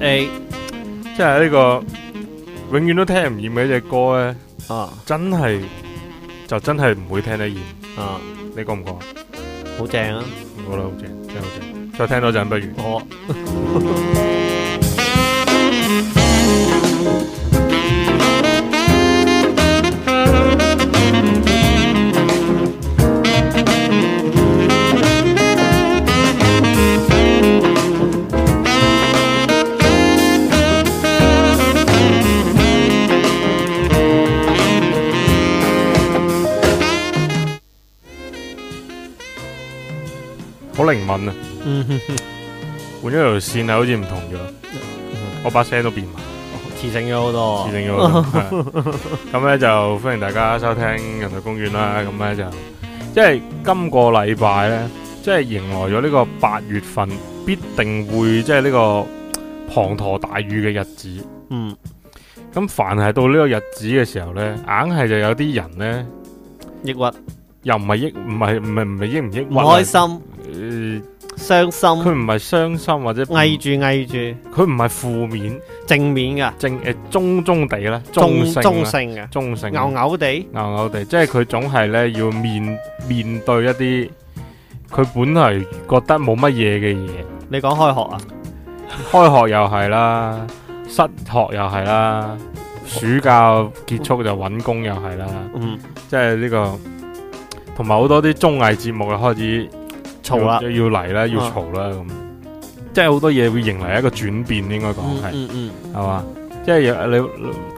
A，即係呢個永遠都聽唔厭嘅一隻歌咧，啊，真係就真係唔會聽得厭啊！你覺唔覺啊？好正啊！我覺得，好正，真係好正，再聽多陣不如。線係好似唔同咗，我把聲都變埋，黐線咗好多。黐線咗好多。咁咧就歡迎大家收聽人類公園啦。咁咧、嗯、就，即係今個禮拜咧，即係迎來咗呢個八月份必定會即係呢個滂沱大雨嘅日子。嗯。咁凡係到呢個日子嘅時候咧，硬係就有啲人咧抑鬱。又唔係抑唔係唔係唔係抑唔抑鬱，唔開心。即係傷心，佢唔係傷心或者翳住翳住，佢唔係負面，正面嘅正誒中中地咧，中中性嘅，中性，牛牛地，牛牛地，即係佢總係咧要面面對一啲佢本嚟覺得冇乜嘢嘅嘢。你講開學啊，開學又係啦， 失學又係啦，暑假結束就搵工又係啦，嗯，即係呢、這個同埋好多啲綜藝節目啊開始。嘈啦要吵了，要嚟啦，要嘈啦，咁、嗯、即係好多嘢會迎嚟一個轉變，應該講係，係嘛、嗯嗯嗯？即係你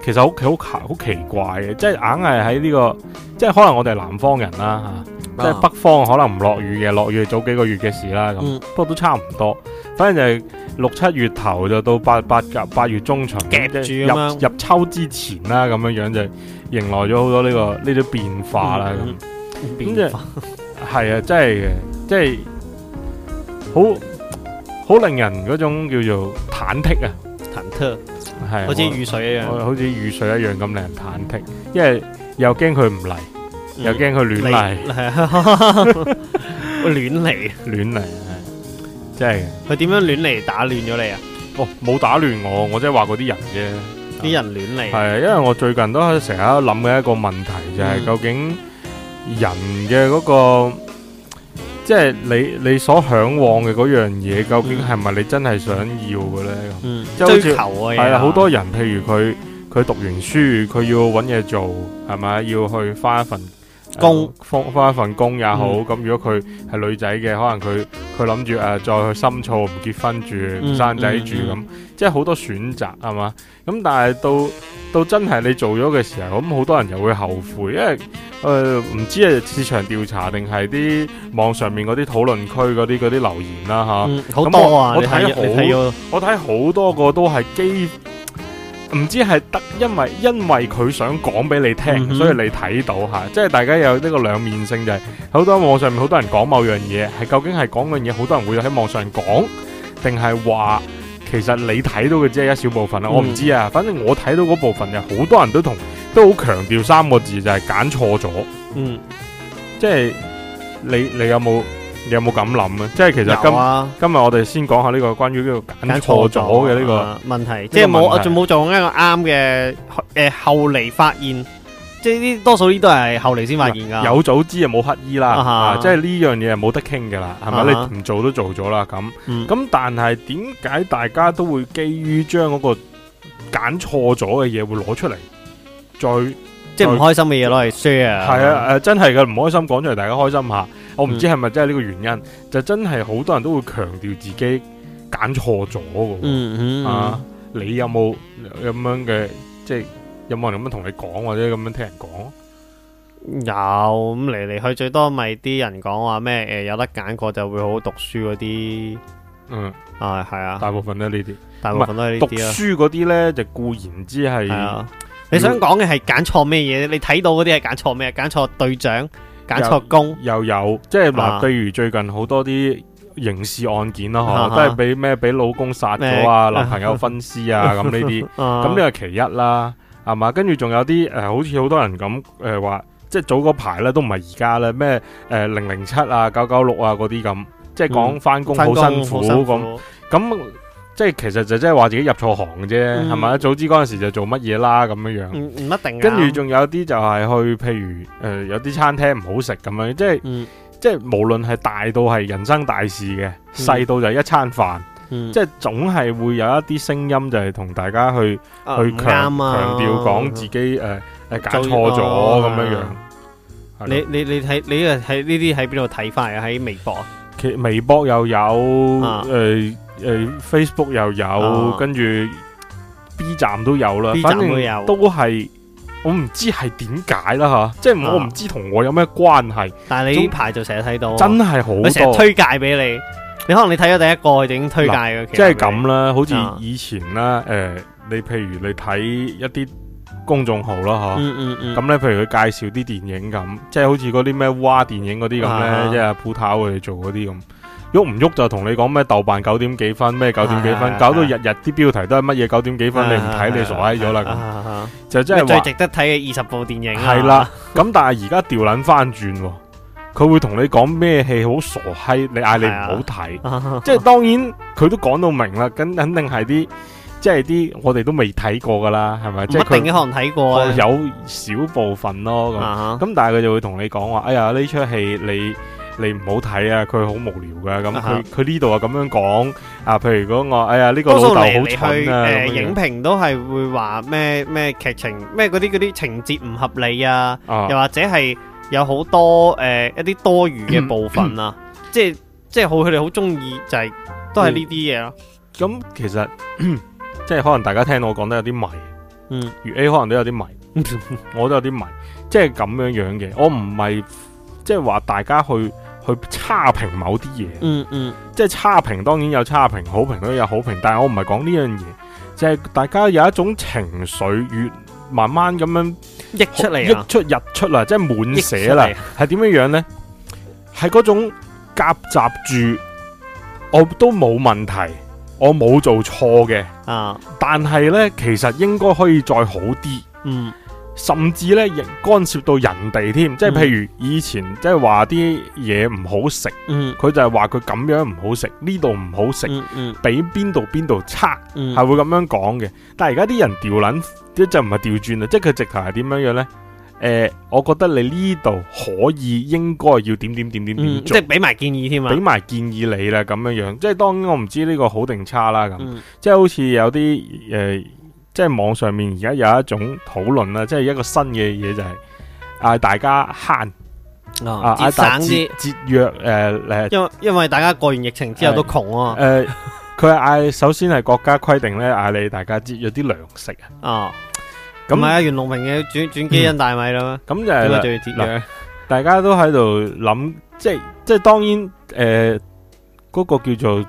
其實好奇好奇怪嘅，即係硬係喺呢個，即係可能我哋南方人啦吓，啊嗯、即係北方可能唔落雨嘅，落雨早幾個月嘅事啦。嗯、不過都差唔多，反正就係六七月頭就到八八八月中旬，入入秋之前啦，咁樣樣就迎來咗好多呢、這個呢啲、這個、變化啦。咁咁即係啊，真係嘅，即係好好令人嗰種叫做忐忑啊，忐忑，係好似雨水一樣，好似雨水一樣咁令人忐忑，因為又驚佢唔嚟，又驚佢亂嚟，係啊，亂嚟，亂嚟，係，真係。佢點樣亂嚟打亂咗你啊？哦，冇打亂我，我即係話嗰啲人啫，啲人亂嚟。係，因為我最近都成日諗嘅一個問題就係，究竟人嘅嗰個。即係你你所向往嘅嗰樣嘢，究竟係咪你真係想要嘅呢？嗯，好似追求嘅嘢係啦，好多人，譬如佢佢讀完書，佢要搵嘢做，係咪要去花一份？工，放翻、呃、一份工也好。咁、嗯、如果佢係女仔嘅，可能佢佢諗住誒，再去深造，唔結婚住，唔生仔住，咁即係好多選擇係嘛。咁但係到到真係你做咗嘅時候，咁好多人又會後悔，因為誒唔、呃、知係市場調查定係啲網上面嗰啲討論區嗰啲嗰啲留言啦、啊、吓。好、嗯、我多啊，我睇好，我睇好多個都係基。唔知係得，因為因為佢想講俾你聽，嗯、哼所以你睇到吓，即係大家有呢個兩面性就係，好多網上面好多人講某樣嘢，係究竟係講嘅嘢，好多人會喺網上講，定係話其實你睇到嘅只係一小部分、嗯、我唔知啊，反正我睇到嗰部分好多人都同都好強調三個字就係揀錯咗，嗯，即係你你有冇？你有冇咁諗，即係其實今、啊、今日我哋先講下呢個關於呢個揀錯咗嘅呢個問題，即係冇，我仲冇做一個啱嘅，誒，後嚟、呃、發現，即係呢啲多數呢都係後嚟先發現噶。有早知就冇乞兒啦，啊哈啊、即係呢樣嘢係冇得傾噶啦，係咪、啊哈？你唔做都做咗啦，咁咁，啊、哈但係點解大家都會基於將嗰個揀錯咗嘅嘢會攞出嚟，再即係唔開心嘅嘢攞嚟 share？係啊，誒、啊啊，真係嘅唔開心講出嚟，大家開心下。我唔知係咪真係呢個原因，嗯、就真係好多人都會強調自己揀錯咗嘅。嗯啊，你有冇咁樣嘅，即、就、係、是、有冇人咁樣同你講或者咁樣聽人講？有咁嚟嚟去最多咪啲人講話咩？誒、呃，有得揀過就會好好讀書嗰啲。嗯啊，係啊，大部分都係呢啲，大部分都係呢啲啦。書嗰啲咧就固然之係、啊。你想講嘅係揀錯咩嘢？你睇到嗰啲係揀錯咩？揀錯隊長。解錯工又，又有，即係話，啊、例如最近好多啲刑事案件啦，嗬、啊，都係俾咩俾老公殺咗啊，男、啊、朋友分屍啊，咁呢啲，咁呢、啊、個係其一啦，係嘛，跟住仲有啲誒、呃，好似好多人咁誒話，即係早嗰排咧，都唔係而家啦，咩誒零零七啊，九九六啊，嗰啲咁，即係講翻工好辛苦咁，咁、嗯。樣即係其實就即係話自己入錯行嘅啫，係咪啊？早知嗰陣時就做乜嘢啦咁樣樣。唔一定。跟住仲有啲就係去，譬如誒有啲餐廳唔好食咁樣，即係即係無論係大到係人生大事嘅，細到就係一餐飯，即係總係會有一啲聲音就係同大家去去強強調講自己誒誒搞錯咗咁樣樣。你你你睇你喺呢啲喺邊度睇法啊？喺微博啊？其實微博又有誒。誒、呃、Facebook 又有，跟住，啊、B 站都有啦，B 站有反正都有。都係我唔知係點解啦吓，即係我唔知同我有咩關係。但係你呢排就成日睇到，真係好多，成日推介俾你。你可能你睇咗第一個已經推介嘅，啊，即係咁啦。好似，啊、以前啦，誒、呃，你譬如你睇一啲公眾號啦，吓、啊，咁咧，、嗯嗯嗯，譬如佢介紹啲電影咁，即係好似嗰啲咩蛙電影嗰啲咁咧，即係鋪頭佢哋做嗰啲咁。喐唔喐就同你講咩豆瓣九點幾分咩九點幾分，搞到日日啲標題都係乜嘢九點幾分，你唔睇你傻閪咗啦！就真係最值得睇嘅二十部電影。係啦，咁但係而家調捻翻轉，佢會同你講咩戲好傻閪，你嗌你唔好睇。即係當然佢都講到明啦，咁肯定係啲即係啲我哋都未睇過噶啦，係咪？即係一定有人睇過，有少部分咯。咁咁但係佢就會同你講話，哎呀呢出戲你，你唔好睇啊！佢好無聊噶，咁佢佢呢度啊咁樣講啊。譬如如果我哎呀呢、呢個好吹，啊！呃、影評都係會話咩咩劇情咩嗰啲嗰啲情節唔合理啊，uh huh. 又或者係有好多誒、呃、一啲多餘嘅部分啊， 即係即係好佢哋好中意就係、是、都係呢啲嘢咯。咁、嗯、其實即係可能大家聽到我講得有啲迷，嗯，粵 A 可能都有啲迷， 我都有啲迷，即係咁樣樣嘅。我唔係即係話大家去。去差評某啲嘢，嗯，嗯嗯，即係差評當然有差評，好評都有好評，但係我唔係講呢樣嘢，就係大家有一種情緒越慢慢咁樣溢出嚟，啊，溢出日出啦，即係滿寫啦，係點樣樣呢？係嗰種夾雜住我都冇問題，我冇做錯嘅啊，但係呢，其實應該可以再好啲，嗯。甚至咧，亦干涉到人哋添，即係譬如以前，嗯、即係話啲嘢唔好食，佢、嗯、就係話佢咁樣唔好食，呢度唔好食，俾邊度邊度差，係、嗯、會咁樣講嘅。但係而家啲人調捻，即就唔係調轉啦，即係佢直頭係點樣樣咧？誒、呃，我覺得你呢度可以應該要點點點點點做，即係俾埋建議添啊！俾埋建議你啦，咁樣樣，即係當然我唔知呢個好定差啦，咁、嗯、即係好似有啲誒。呃即係網上面而家有一種討論啦，即係一個新嘅嘢就係、是，嗌大家慳啊，嗯、喊節省節約誒、呃、因為因為大家過完疫情之後都窮啊。誒、嗯，佢係嗌，首先係國家規定咧，嗌你大家節約啲糧食啊。咁唔係啊，袁隆平嘅轉轉基因大米啦。咁、嗯、就點、是、解要節約？大家都喺度諗，即係即係當然誒，嗰、呃那個叫做。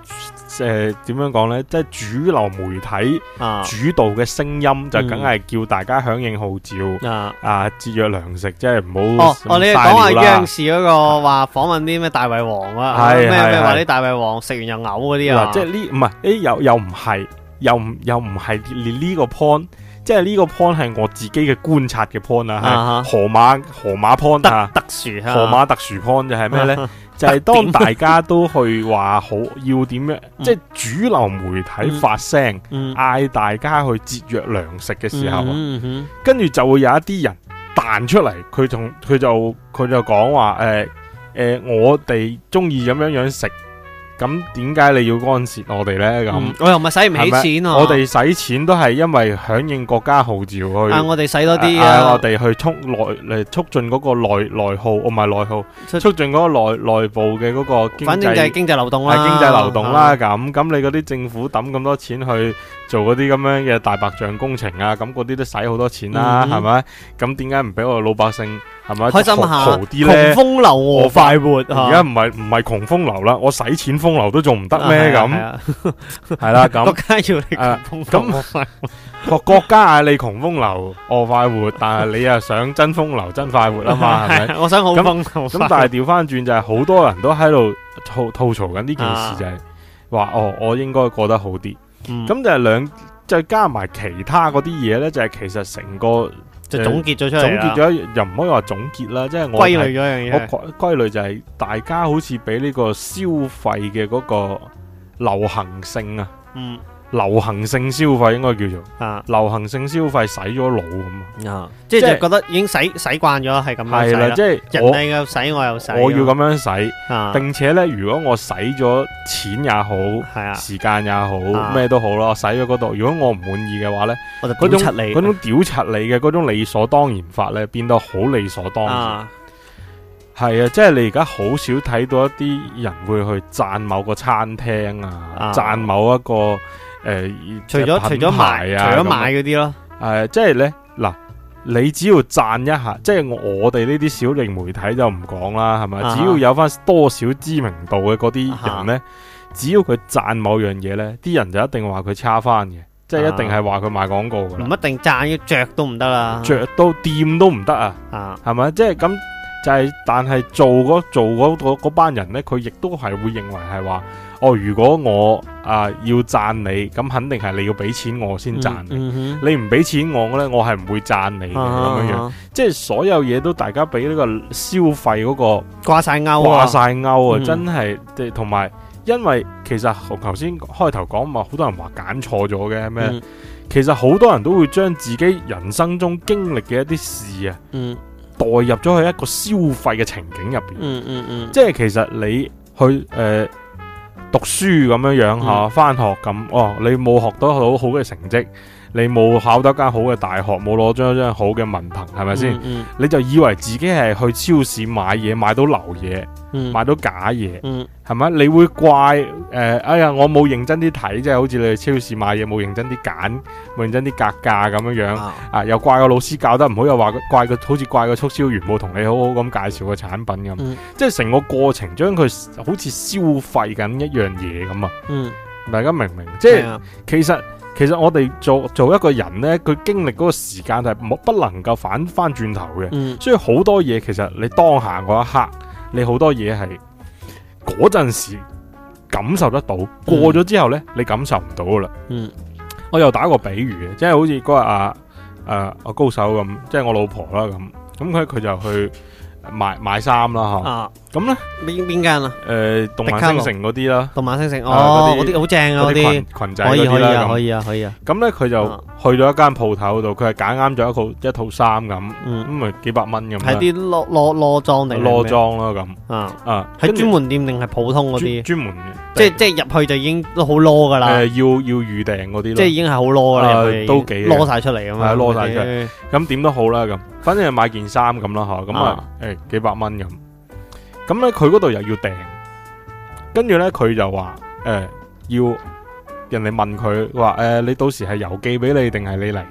誒，點、呃、樣講咧？即係主流媒體主導嘅聲音，就梗係叫大家響應號召、嗯、啊！啊，節約糧食，即係唔好哦。你講下央視嗰個話訪問啲咩大胃王啊？咩咩話啲大胃王食完又嘔嗰啲啊？嗯、即係呢唔係？誒、欸，又又唔係，又唔又唔係呢個 point。即係呢個 point 係我自己嘅觀察嘅 point 啊！河、啊、河馬河馬 point 啊，特殊河馬特殊 point 係咩咧？啊就係當大家都去話好 要點樣，即、就、係、是、主流媒體發聲，嗌、嗯、大家去節約糧食嘅時候，跟住、嗯嗯嗯嗯、就會有一啲人彈出嚟，佢同佢就佢就講話誒誒，我哋中意咁樣樣食。咁點解你要干涉我哋呢？咁我又唔係使唔起錢？我哋使錢都係因為響應國家號召去。啊，我哋使多啲啊！我哋去促來嚟促進嗰個內內耗，唔係內耗，促進嗰個內內部嘅嗰個經濟。反正就係經濟流動啦。經濟流動啦，咁咁你嗰啲政府抌咁多錢去做嗰啲咁樣嘅大白象工程啊，咁嗰啲都使好多錢啦，係咪？咁點解唔俾我老百姓？係咪開心下？窮風流我快活。而家唔係唔係窮風流啦，我使錢風流都仲唔得咩？咁係啦，國家要你窮風流，國家嗌你窮風流，我快活。但係你又想真風流，真快活啊嘛？係咪？我想好。咁但係調翻轉就係好多人都喺度吐吐槽緊呢件事，就係話哦，我應該過得好啲。咁就兩再加埋其他嗰啲嘢咧，就係其實成個。總結咗出嚟，總結咗又唔可以話總結啦，即係歸類嗰樣嘢。我歸類就係大家好似俾呢個消費嘅嗰個流行性啊。嗯。流行性消費應該叫做啊，流行性消費洗咗腦咁即係覺得已經洗洗慣咗係咁樣洗啦。即係人哋又洗，我又洗。我要咁樣洗，並且呢，如果我洗咗錢也好，係啊，時間也好，咩都好啦，洗咗嗰度。如果我唔滿意嘅話呢，我就屌柒你，嗰種屌柒你嘅嗰種理所當然法呢，變到好理所當然。係啊，即係你而家好少睇到一啲人會去讚某個餐廳啊，讚某一個。誒，呃、除咗除咗買啊，除咗買嗰啲樣咯、呃，誒、就是，即係咧，嗱，你只要讚一下，即、就、係、是、我哋呢啲小型媒體就唔講啦，係咪？啊、只要有翻多少知名度嘅嗰啲人咧，啊、只要佢讚某樣嘢咧，啲人就一定話佢差翻嘅，即係、啊、一定係話佢賣廣告㗎喇，唔一定讚要着都唔得啦，着到掂都唔得啊，啊，係咪？即係咁就係、是，但係做嗰做班人咧，佢亦都係會認為係話。哦，如果我啊、呃、要讚你，咁肯定係你要俾錢我先讚你。嗯嗯、你唔俾錢我咧，我係唔會讚你咁、啊、哈 樣、啊、哈 即係所有嘢都大家俾呢個消費嗰、那個掛晒鈎，掛晒鈎啊！勾嗯、真係，同埋因為其實我頭先開頭講咪，好多人話揀錯咗嘅咩？嗯、其實好多人都會將自己人生中經歷嘅一啲事啊，嗯、代入咗去一個消費嘅情景入邊。嗯嗯嗯、即係其實你去誒。呃讀書咁樣下、嗯、樣嚇，返學咁，哦，你冇學到好好嘅成績。你冇考到間好嘅大學，冇攞一張好嘅文憑，係咪先？嗯嗯，你就以為自己係去超市買嘢，買到流嘢，嗯、買到假嘢，係咪、嗯？你會怪誒、呃，哎呀，我冇認真啲睇，即係好似你去超市買嘢冇認真啲揀，冇認真啲格價咁樣樣哇啊？又怪個老師教得唔好，又話怪個好似怪個促銷員冇同你好好咁介紹個產品咁，嗯、即係成個過程將佢好似消費緊一樣嘢咁啊！嗯、大家明唔明？即係、啊、其實。其實我哋做做一個人呢，佢經歷嗰個時間係冇不能夠反翻轉頭嘅，嗯、所以好多嘢其實你當下嗰一刻，你好多嘢係嗰陣時感受得到，過咗之後呢，你感受唔到噶啦。嗯，我又打個比喻，即係、就是、好似嗰日阿誒高手咁，即、就、係、是、我老婆啦咁，咁佢佢就去買買衫啦吓。啊咁咧，邊邊間啦？誒，動漫星城嗰啲啦，動漫星城哦，嗰啲好正啊，嗰啲裙仔嗰啲啦，可以啊，可以啊，可以啊。咁咧，佢就去咗一間鋪頭度，佢係揀啱咗一套一套衫咁，咁咪幾百蚊咁。係啲攞攞攞裝定攞裝咯咁，啊啊，係專門店定係普通嗰啲？專門嘅，即係即係入去就已經都好攞噶啦。誒，要要預訂嗰啲，即係已經係好攞噶啦。都幾攞晒出嚟啊嘛，攞晒出嚟咁點都好啦。咁反正係買件衫咁啦吓，咁啊誒幾百蚊咁。咁咧，佢嗰度又要訂，跟住咧佢就話，誒，要人哋問佢話，誒，你到時係郵寄俾你定係你嚟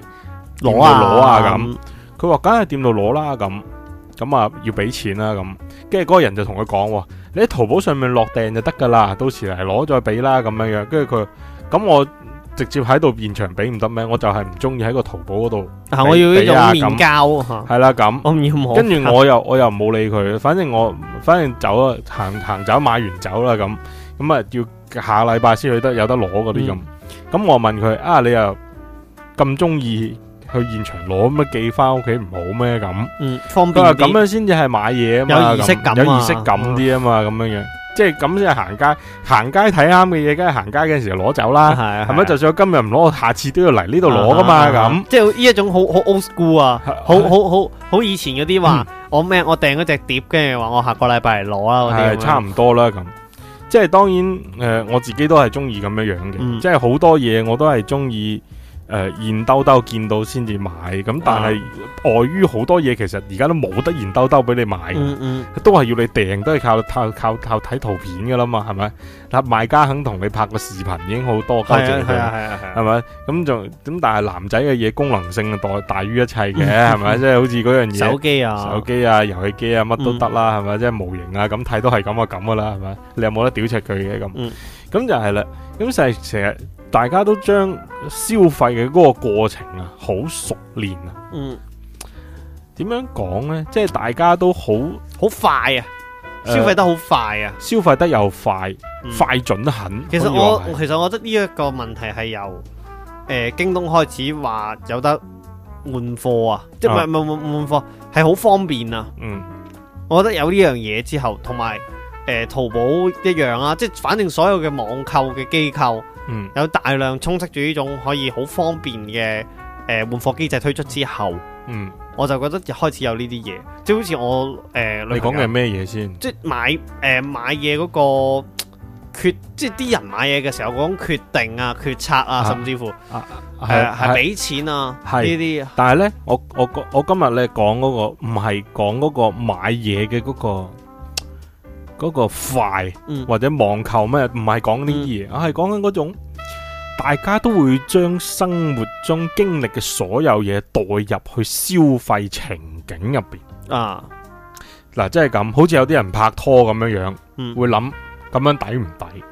攞啊？攞啊咁，佢話梗係店度攞啦咁，咁啊要俾錢啦咁，跟住嗰個人就同佢講，你喺淘寶上面落訂就得噶啦，到時嚟攞再俾啦咁樣樣，跟住佢咁我。直接喺度現場俾唔得咩？我就係唔中意喺個淘寶嗰度、啊。嗱、啊，我要呢種面膠係啦，咁跟住我又、啊、我又冇理佢，反正我反正走啊，行行走買完走啦咁。咁啊，要下禮拜先去得有得攞嗰啲咁。咁、嗯、我問佢啊，你又咁中意去現場攞，咁寄翻屋企唔好咩？咁嗯，方便咁樣先至係買嘢啊嘛，有儀式感、啊、有儀式感啲啊嘛，咁樣、啊、樣。即係咁先係行街，行街睇啱嘅嘢，梗係行街嘅時候攞走啦，係咪、啊啊？就算我今日唔攞，我下次都要嚟呢度攞噶嘛咁。即係呢一種好好 old school 啊，是啊是啊好好好好以前嗰啲話我咩我訂嗰隻碟，跟住話我下個禮拜嚟攞啊。」係啲。係差唔多啦咁。即係當然誒、呃，我自己都係中意咁樣樣嘅。嗯、即係好多嘢我都係中意。誒、呃，現兜兜見到先至買，咁但係礙於好多嘢，其實而家都冇得現兜兜俾你買嗯，嗯都係要你訂，都係靠靠靠睇圖片噶啦嘛，係咪？但賣家肯同你拍個視頻已經好多，係啊係啊係咪？咁就咁，啊、但係男仔嘅嘢功能性大於一切嘅，係咪？即係好似嗰樣嘢，手機啊，手機啊，遊戲機啊，乜都得啦，係咪？即係模型啊，咁睇都係咁啊咁噶啦，係咪？你又冇得屌柒佢嘅咁？咁、嗯、就係啦，咁就係成日。大家都將消費嘅嗰個過程很啊，好熟練啊。嗯，點樣講呢？即係大家都好好快啊，呃、消費得好快啊，消費得又快，嗯、快準得很。其實我，我其實我覺得呢一個問題係由、呃、京東開始話有得換貨啊，即係唔係唔唔換貨係好方便啊。嗯，我覺得有呢樣嘢之後，同埋誒淘寶一樣啊，即係反正所有嘅網購嘅機構。嗯、有大量充斥住呢種可以好方便嘅誒換貨機制推出之後，嗯，我就覺得開始有呢啲嘢，像呃、即係好似我誒，你講嘅係咩嘢先？即係買誒買嘢嗰個決，即係啲人買嘢嘅時候嗰種決定啊、決策啊，啊甚至乎係啊係俾、呃、錢啊，些呢啲。但係咧，我我我今日咧講嗰個唔係講嗰個買嘢嘅嗰個。嗰個快或者網購咩，唔係講呢啲嘢，我係講緊嗰種，大家都會將生活中經歷嘅所有嘢代入去消費情景入邊啊！嗱、啊，即係咁，好似有啲人拍拖咁樣樣，嗯、會諗咁樣抵唔抵？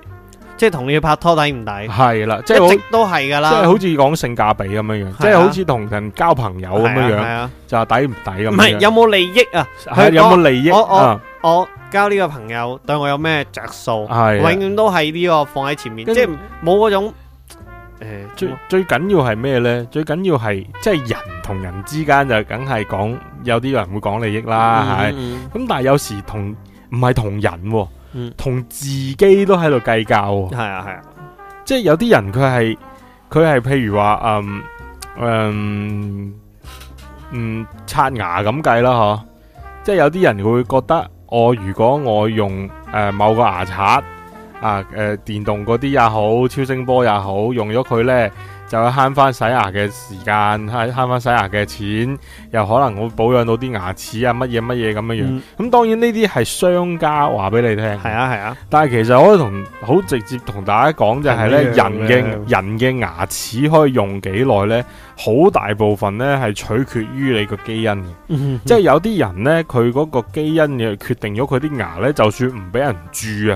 即係同你拍拖抵唔抵？係啦，即、就、係、是、都係噶啦，好似講性價比咁樣樣，即係、啊、好似同人交朋友咁樣樣，啊啊啊、就係抵唔抵咁？唔係有冇利益啊？啊有冇利益啊？我交呢個朋友對我有咩着數？係、啊、永遠都係呢個放喺前面，跟即係冇嗰種誒、呃、最、嗯、最緊要係咩咧？最緊要係即係人同人之間就梗係講有啲人會講利益啦，係咁但係有時同唔係同人、喔，嗯、同自己都喺度計較。係啊係啊，啊即係有啲人佢係佢係譬如話嗯誒嗯刷牙咁計啦，嗬，即係有啲人佢會覺得。我如果我用、呃、某個牙刷啊誒、呃、電動嗰啲也好，超聲波也好，用咗佢呢。又慳翻洗牙嘅時間，慳慳翻洗牙嘅錢，又可能會保養到啲牙齒、嗯、啊，乜嘢乜嘢咁樣樣。咁當然呢啲係商家話俾你聽，係啊係啊。但係其實我同好直接同大家講就係咧，人嘅人嘅牙齒可以用幾耐咧？好大部分咧係取決於你基、嗯、哼哼個基因嘅，即係有啲人咧佢嗰個基因嘅決定咗佢啲牙咧，就算唔俾人蛀啊，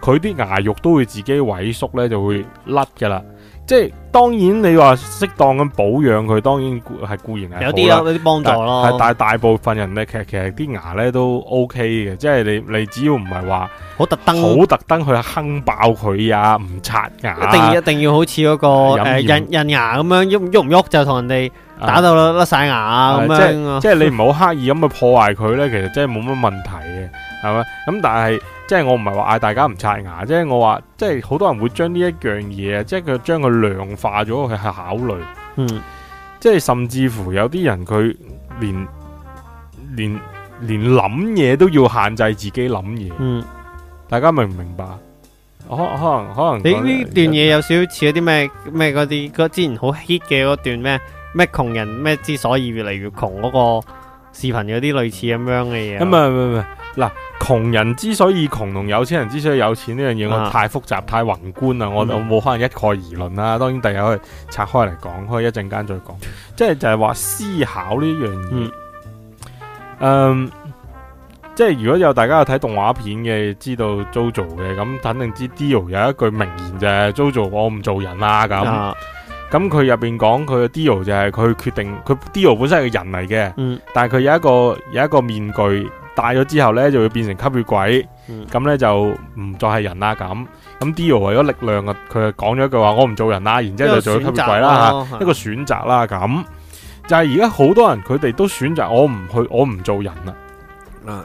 佢啲牙肉都會自己萎縮咧，就會甩噶啦。即係當然，你話適當咁保養佢，當然係固然係有啲有啲幫助咯。但係大部分人咧，其實其實啲牙咧都 OK 嘅，即係你你只要唔係話好特登好特登去坑爆佢啊，唔刷牙，一定要一定要好似嗰、個印料、呃、人牙咁樣喐唔喐就同人哋。打到甩晒牙咁、啊、樣，啊、即係咁樣你唔好刻意咁去破壞佢咧， 其實真係冇乜問題嘅，係嘛？咁但係，即係我唔係話嗌大家唔刷牙，即係我話，即係好多人會將呢一樣嘢，即係佢將佢量化咗去去考慮。嗯，即係甚至乎有啲人佢連連連諗嘢都要限制自己諗嘢。嗯，大家明唔明白？可、哦、可能可能你呢段嘢有少少似一啲咩咩嗰啲，嗰啲之前好 hit 嘅嗰段咩？咩窮人咩之所以越嚟越窮嗰個視頻有啲類似咁樣嘅嘢，咁啊唔唔唔，嗱、嗯、窮、嗯、人之所以窮同有錢人之所以有錢呢樣嘢，啊、我太複雜太宏觀啦、嗯，我就冇可能一概而論啦。當然第日可以拆開嚟講，可以一陣間再講。即係就係、是、話思考呢樣嘢，嗯，即係如果有大家有睇動畫片嘅，知道 Jojo 嘅咁，肯定知 Dio 有一句名言就係 Jojo 我唔做人啦咁。咁佢入邊講佢 Dio 就係佢決定，佢 Dio 本身係個人嚟嘅，嗯、但係佢有一個有一個面具戴咗之後咧，就會變成吸血鬼，咁咧、嗯、就唔再係人啦。咁咁 Dio 為咗力量啊，佢就講咗一句話：我唔做人啦，然之後就做吸血鬼啦。吓，一個選擇啦、啊。咁、啊、是的 就係而家好多人佢哋都選擇我唔去，我唔做人啦。啊，嗯、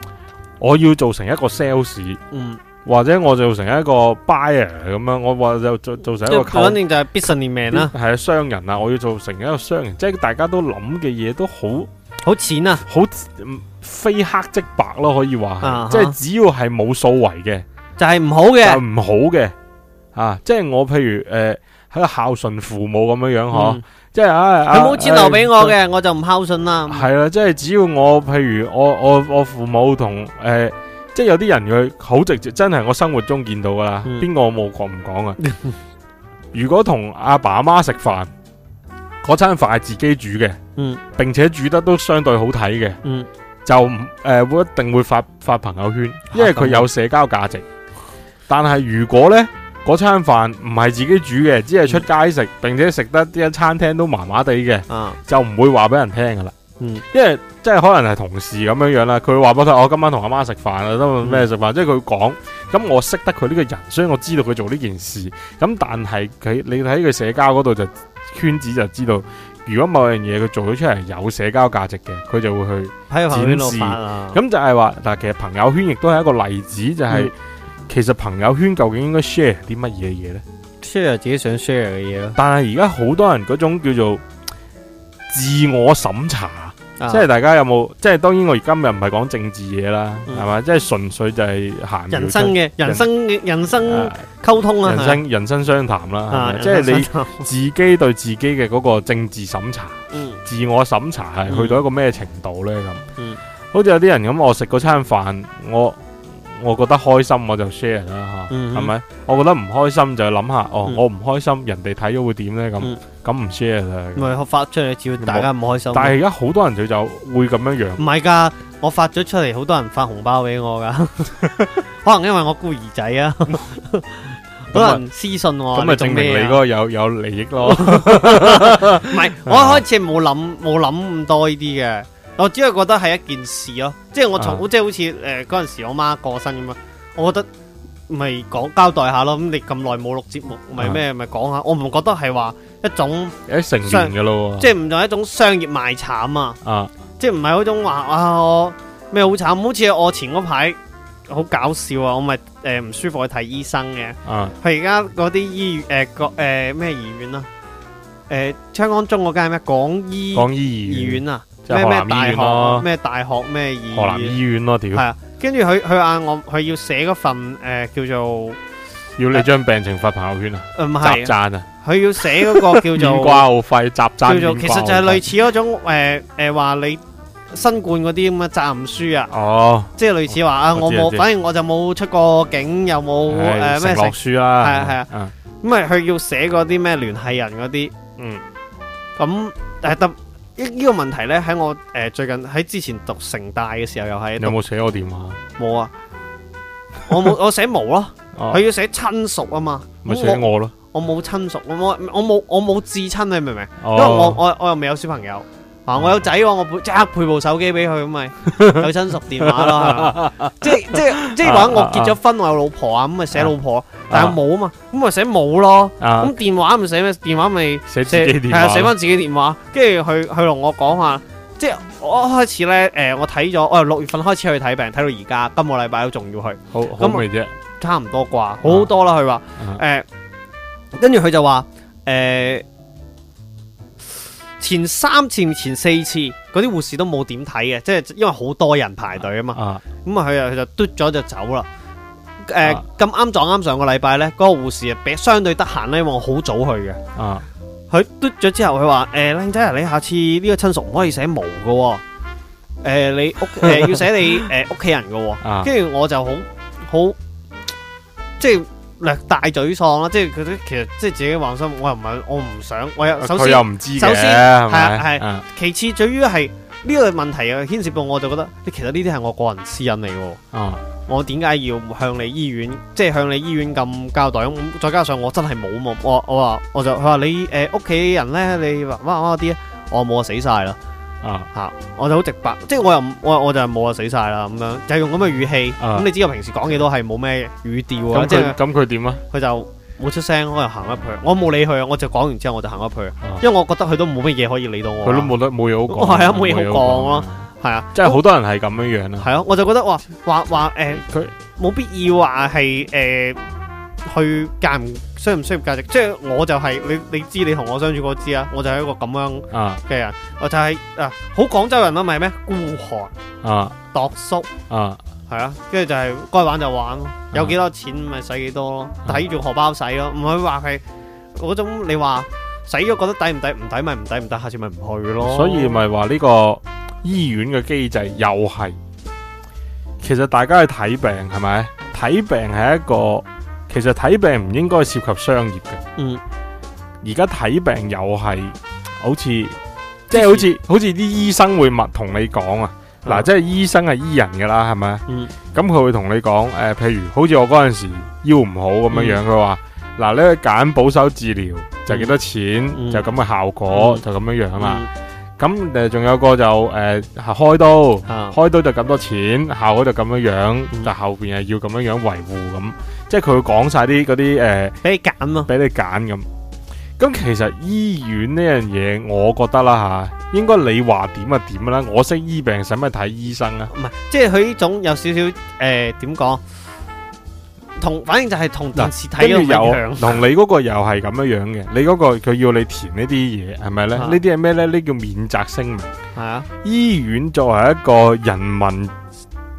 我要做成一個 sales。嗯。或者我做成一個 buyer 咁樣，我話就做做成一個，即係肯定就係 businessman 啦。係商人啊，我要做成一個商人，即係大家都諗嘅嘢都好好淺啊很，好非黑即白咯，可以話、uh huh、即係只要係冇數為嘅，就係唔好嘅，唔好嘅啊！即係我譬如誒、呃，孝順父母咁樣樣嗬，即係啊，佢冇錢留俾我嘅，我就唔孝順啦。係啦，即係只要我譬如我我我父母同誒。呃即係有啲人佢好直接，真係我生活中見到噶啦，邊個我冇講唔講啊？ 如果同阿爸阿媽食飯，嗰餐飯係自己煮嘅，嗯、並且煮得都相對好睇嘅，嗯、就唔會、呃、一定會發發朋友圈，因為佢有社交價值。啊、但係如果呢，嗰餐飯唔係自己煮嘅，只係出街食，嗯、並且食得啲餐廳都麻麻地嘅，啊、就唔會話俾人聽噶啦。嗯，因為即係可能係同事咁樣樣啦，佢會話俾我聽，我今晚同阿媽食飯啊，都冇咩食飯，嗯、即係佢講。咁我識得佢呢個人，所以我知道佢做呢件事。咁但係佢，你喺佢社交嗰度就圈子就知道，如果某樣嘢佢做咗出嚟有社交價值嘅，佢就會去展示。咁、啊、就係話嗱，其實朋友圈亦都係一個例子，就係、是嗯、其實朋友圈究竟應該 share 啲乜嘢嘢呢？share 自己想 share 嘅嘢咯。但係而家好多人嗰種叫做。自我審查，即係大家有冇？即係當然，我而今日唔係講政治嘢啦，係嘛？即係純粹就係行人生嘅人生嘅人生溝通啊，人生人生相談啦，即係你自己對自己嘅嗰個政治審查，自我審查係去到一個咩程度呢？咁，好似有啲人咁，我食嗰餐飯，我。我覺得開心我就 share 啦吓，係咪？我覺得唔開心就諗下，哦，我唔開心，人哋睇咗會點咧？咁咁唔 share 就係。唔係發出嚟，只要大家唔開心。但係而家好多人就就會咁樣樣。唔係噶，我發咗出嚟，好多人發紅包俾我噶，可能因為我孤兒仔啊，可能私信我咁咪證明你嗰個有有利益咯。唔係，我一開始冇諗冇諗咁多呢啲嘅。我只係覺得係一件事咯，啊，即係我從、啊、即係好似誒嗰陣時我媽過身咁啊，我覺得咪講交代一下咯，咁你咁耐冇錄節目，咪咩咪講下。我唔覺得係話一種商，有啲成年噶咯，即係唔同一種商業賣慘啊，啊即係唔係嗰種話啊我咩好慘，好似我前嗰排好搞笑啊，我咪誒唔舒服去睇醫生嘅，係而家嗰啲醫誒誒咩醫院啊？誒、呃、香港中嗰間咩廣醫廣醫醫院，醫院啊。咩咩大學咩大學咩醫院？河南醫院咯，屌！係啊，跟住佢佢嗌我佢要寫嗰份誒叫做，要你將病情發朋友圈啊？唔係集讚啊！佢要寫嗰個叫做掛號費，集讚叫做，其實就係類似嗰種誒誒話你新冠嗰啲咁嘅責任書啊。哦，即係類似話啊，我冇，反正我就冇出過境，又冇誒咩。承諾書啦，係啊係啊，咁咪佢要寫嗰啲咩聯繫人嗰啲，嗯，咁誒得。呢呢個問題咧，喺我誒、呃、最近喺之前讀城大嘅時候又係，你有冇寫我電話？冇啊，我冇我寫冇咯，佢 要寫親屬啊嘛，咪寫我，我咯，我冇親屬，我冇親我冇我冇我冇至親，你明唔明？Oh. 因為我我我又未有小朋友。啊！我有仔喎，我即刻配部手機俾佢，咁咪有親屬電話咯，即係即係即係話我結咗婚我有老婆啊，咁咪寫老婆，但係冇啊嘛，咁咪寫冇咯。咁電話唔寫咩？電話咪寫係啊，寫翻自己電話。跟住佢佢同我講話，即係我一開始咧誒，我睇咗，我由六月份開始去睇病，睇到而家，今個禮拜都仲要去。好，咁咪啫，差唔多啩，好好多啦。佢話誒，跟住佢就話誒。前三次、前四次嗰啲護士都冇點睇嘅，即係因為好多人排隊啊嘛。咁啊，佢啊佢就嘟咗就走啦。誒、啊，咁啱撞啱上個禮拜咧，嗰、那個護士啊比相對得閒咧，因為我好早去嘅。佢嘟咗之後，佢話：誒、呃，靚仔，你下次呢個親屬唔可以寫毛噶、哦。誒、呃，你屋誒、呃、要寫你誒屋企人噶、哦。跟住、啊、我就好好，即係。略大沮喪啦，即係佢都其實即係自己話心，我又唔係，我唔想，我有首先佢又唔知嘅，係啊係。係係其次在於係呢個問題啊，牽涉到我就覺得，其實呢啲係我個人私隱嚟嘅。嗯、我點解要向你醫院，即係向你醫院咁交代？咁再加上我真係冇冇，我我話我就佢話你誒，屋、呃、企人咧，你話孖啲我冇啊，死晒啦。啊吓！我就好直白，即係我又我我就冇啊死晒，啦咁樣，就是、用咁嘅語氣咁。啊、你知我平時講嘢都係冇咩語調啊。咁佢咁佢點啊？佢就冇、是、出聲，我又行咗去。我冇理佢啊，我就講完之後我就行咗去，啊、因為我覺得佢都冇乜嘢可以理到我。佢都冇得冇嘢好講。係啊，冇嘢好講咯。係啊，即係好多人係咁樣樣、啊、咯。係啊，我啊，我就覺得話話話誒，佢冇、呃、他必要話係誒去夾。需唔需要價值？即係我就係、是、你，你知你同我相處過知啊！我就係一個咁樣嘅人，啊、我就係、是、啊好廣州人咯，咪咩孤寒啊、度縮啊，係啊，跟住就係、是、該玩就玩咯，有幾多錢咪使幾多咯，睇住、啊、荷包使咯，唔可以話係嗰種你話使咗覺得抵唔抵？唔抵咪唔抵唔抵，下次咪唔去咯。所以咪話呢個醫院嘅機制又係，其實大家去睇病係咪睇病係一個？其實睇病唔應該涉及商業嘅。嗯，而家睇病又係好似即係好似好似啲醫生會密同你講啊。嗱，即係醫生係醫人噶啦，係咪？嗯，咁佢會同你講誒，譬如好似我嗰陣時腰唔好咁樣樣，佢話嗱咧，揀保守治療就幾多錢，就咁嘅效果就咁樣樣啦。咁誒，仲有個就誒開刀，開刀就咁多錢，效果就咁樣樣，就後邊係要咁樣樣維護咁。即係佢會講晒啲嗰啲誒，俾你揀咯，俾你揀咁。咁其實醫院呢樣嘢，我覺得啦吓，應該你話點就點啦。我識醫病使咩睇醫生啊？唔係，即係佢呢種有少少誒，點講？同，反正就係同電視睇嘅一樣。同你嗰個又係咁樣樣嘅，你嗰個佢要你填呢啲嘢係咪咧？呢啲係咩咧？呢叫免責聲明。係啊，醫院作為一個人民，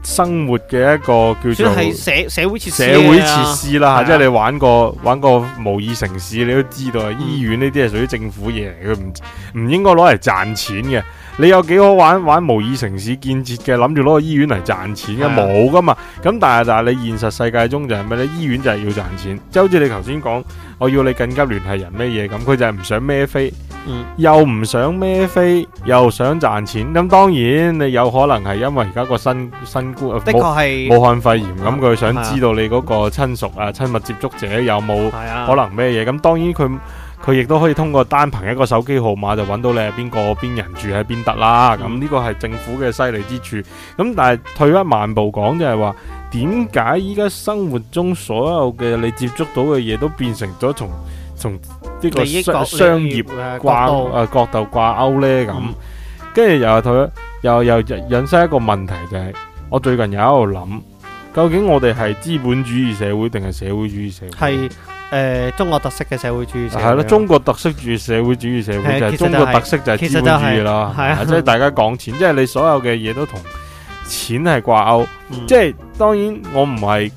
生活嘅一個叫做社會社會設施啦係、啊、即係你玩過玩過模擬城市，你都知道啊，醫院呢啲係屬於政府嘢嚟，佢唔唔應該攞嚟賺錢嘅。你有幾好玩玩模擬城市建設嘅諗住攞個醫院嚟賺錢嘅冇噶嘛？咁但係就係你現實世界中就係咩呢？醫院就係要賺錢，即係好似你頭先講，我要你緊急聯繫人咩嘢咁，佢就係唔想孭飛，嗯、又唔想孭飛，又想賺錢。咁當然你有可能係因為而家個新新冠，的確係武漢肺炎咁，佢想知道你嗰個親屬啊、親密接觸者有冇可能咩嘢？咁當然佢。佢亦都可以通過單憑一個手機號碼就揾到你係邊個邊人住喺邊得啦。咁呢個係政府嘅犀利之處。咁但係退一萬步講，就係話點解依家生活中所有嘅你接觸到嘅嘢都變成咗從從呢、呢個商商業掛角度，啊、角度掛鈎呢？咁跟住又退又又引申一個問題就係、是，我最近又喺度諗，究竟我哋係資本主義社會定係社會主義社會？係。誒、呃，中國特色嘅社會主義係咯，中國特色主義社會主義社會，、啊、義社會義就係、是、中國特色就係資本主義啦，係啊，即係大家講錢，即、就、係、是、你所有嘅嘢都同錢係掛鈎，即係、嗯就是、當然我唔係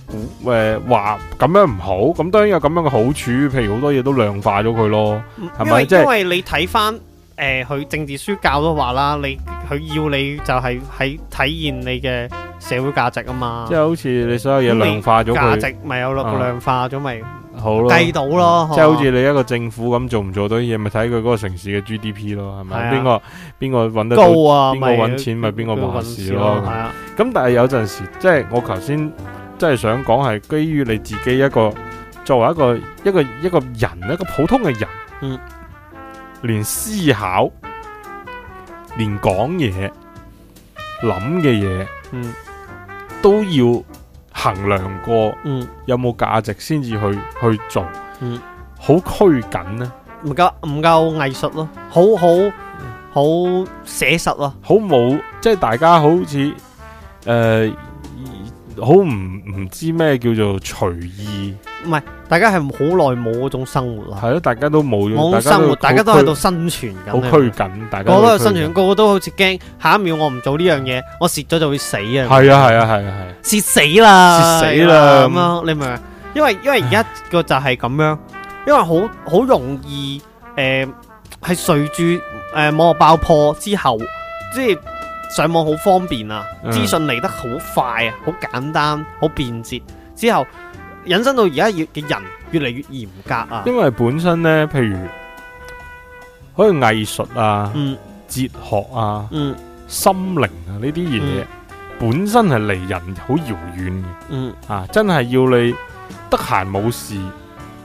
誒話咁樣唔好，咁當然有咁樣嘅好處，譬如好多嘢都量化咗佢咯，係咪為？即係、就是、因為你睇翻誒佢政治書教都話啦，你佢要你就係喺體現你嘅社會價值啊嘛，即係好似你所有嘢量化咗，價值咪有咯量化咗咪？嗯好咯，即係好似你一個政府咁做唔做到嘢，咪睇佢嗰個城市嘅 GDP 咯，係咪？邊個邊個揾得高啊？邊個揾錢咪邊個話事咯？係啊。咁但係有陣時，即係我頭先即係想講係基於你自己一個作為一個一個一個人一個普通嘅人，嗯，連思考、連講嘢、諗嘅嘢，嗯，都要。衡量過有冇價值先至去、嗯、去做，好拘謹咧，唔夠唔夠藝術咯，好好好寫實咯，好冇即係大家好似誒，好唔唔知咩叫做隨意。唔係，大家係好耐冇嗰種生活啦。係咯，大家都冇。用，冇生活，大家都喺度生存緊。好拘謹，大家個個都生存，個個都好似驚下一秒我唔做呢樣嘢，我蝕咗就會死啊！係啊的，係啊，係啊，係蝕死啦，蝕的死啦，咁你明唔明？因為因為而家個就係咁樣，因為好好容易誒，係隨住誒網絡爆破之後，即係上網好方便啊，資訊嚟得好快啊，好、嗯、簡單，好便捷之後。引申到而家越嘅人越嚟越嚴格啊！因為本身咧，譬如可以藝術啊、嗯、哲學啊、嗯、心靈啊呢啲嘢，這些東西嗯、本身係離人好遙遠嘅。嗯啊，真係要你得閒冇事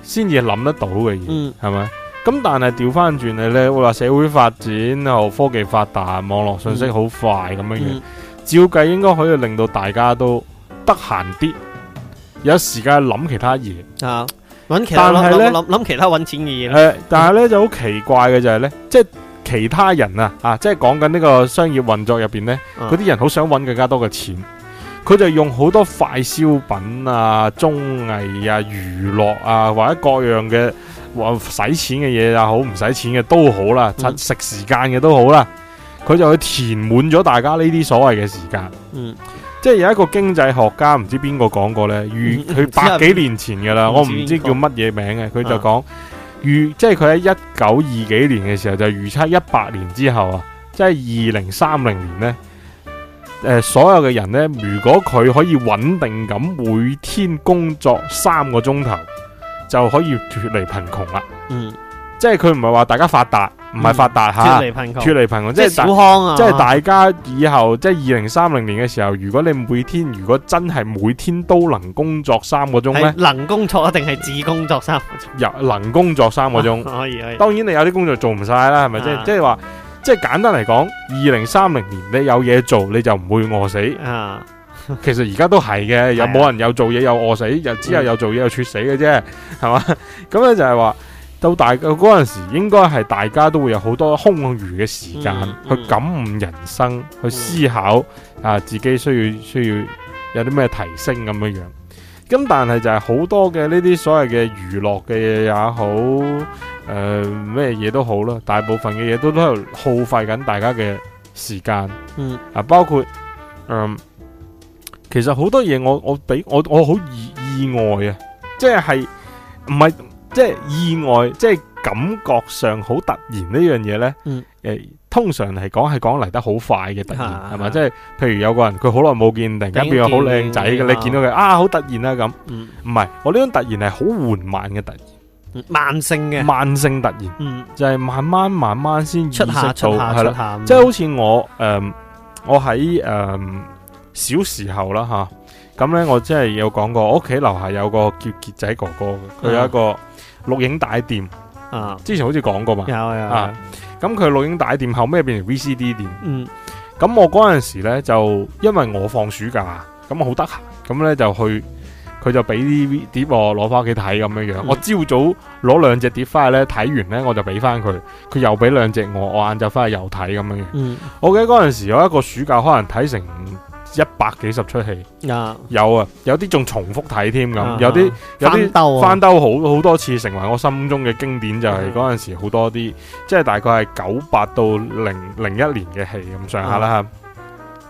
先至諗得到嘅嘢，係咪、嗯？咁但係調翻轉嚟咧，我話社會發展又科技發達，網絡信息好快咁、嗯、樣嘅，嗯、照計應該可以令到大家都得閒啲。有時間諗其他嘢啊，其他諗諗諗其他揾錢嘅嘢。但係咧就好奇怪嘅就係、是、呢，即、就、係、是、其他人啊，啊，即係講緊呢個商業運作入邊呢，嗰啲、啊、人好想揾更加多嘅錢，佢就用好多快消品啊、綜藝啊、娛樂啊，或者各樣嘅或使錢嘅嘢又好，唔使錢嘅都好啦，趁食、嗯、時間嘅都好啦，佢就去填滿咗大家呢啲所謂嘅時間。嗯。即係有一個經濟學家唔知邊個講過呢，如佢百幾年前嘅啦，嗯、我唔知叫乜嘢名嘅，佢就講預、啊，即係佢喺一九二幾年嘅時候就預測一百年之後啊，即係二零三零年呢。誒、呃，所有嘅人呢，如果佢可以穩定咁每天工作三個鐘頭，就可以脫離貧窮啦。嗯，即係佢唔係話大家發達。唔係發達吓，脱離貧窮，脱離貧窮，即係小康啊！即係大家以後，即係二零三零年嘅時候，如果你每天如果真係每天都能工作三個鐘咧，能工作一定係只工作三個鐘，能工作三個鐘，可以可以。當然你有啲工作做唔晒啦，係咪？即係即係話，即係簡單嚟講，二零三零年你有嘢做，你就唔會餓死啊！其實而家都係嘅，又冇人又做嘢又餓死，又之後又做嘢又猝死嘅啫，係嘛？咁咧就係話。到大嗰陣時，應該係大家都會有好多空餘嘅時間去感悟人生，嗯嗯、去思考、嗯、啊，自己需要需要有啲咩提升咁樣樣。咁但係就係好多嘅呢啲所謂嘅娛樂嘅嘢也好，誒咩嘢都好啦，大部分嘅嘢都都係耗費緊大家嘅時間。嗯，啊，包括、嗯、其實好多嘢我我俾我我好意意外啊，即係唔係。即係意外，即係感覺上好突然呢樣嘢呢。誒，通常嚟講係講嚟得好快嘅突然，係嘛？即係，譬如有個人佢好耐冇見，突然間變咗好靚仔嘅，你見到佢啊，好突然啦咁。唔係，我呢種突然係好緩慢嘅突然，慢性嘅。慢性突然，就係慢慢慢慢先意識到即係好似我誒，我喺誒小時候啦吓，咁呢，我即係有講過，我屋企樓下有個叫杰仔哥哥嘅，佢有一個。錄影帶店啊，之前好似講過嘛，有，有，有啊，咁佢錄影帶店後尾變成 VCD 店，嗯，咁我嗰陣時呢就因為我放暑假，咁我好得閒，咁呢就去，佢就俾啲碟我攞翻屋企睇咁樣樣，嗯，我朝早攞兩隻碟翻去呢，睇完呢我就俾翻佢，佢又俾兩隻我，我晏晝翻去又睇咁樣嘅，嗯、我記得嗰陣時有一個暑假可能睇成一百幾十出戲啊，有啊，有啲仲重複睇添咁，有啲有啲翻兜好好多次，成為我心中嘅經典，就係嗰陣時好多啲，即係大概係九八到零零一年嘅戲咁上下啦。哈！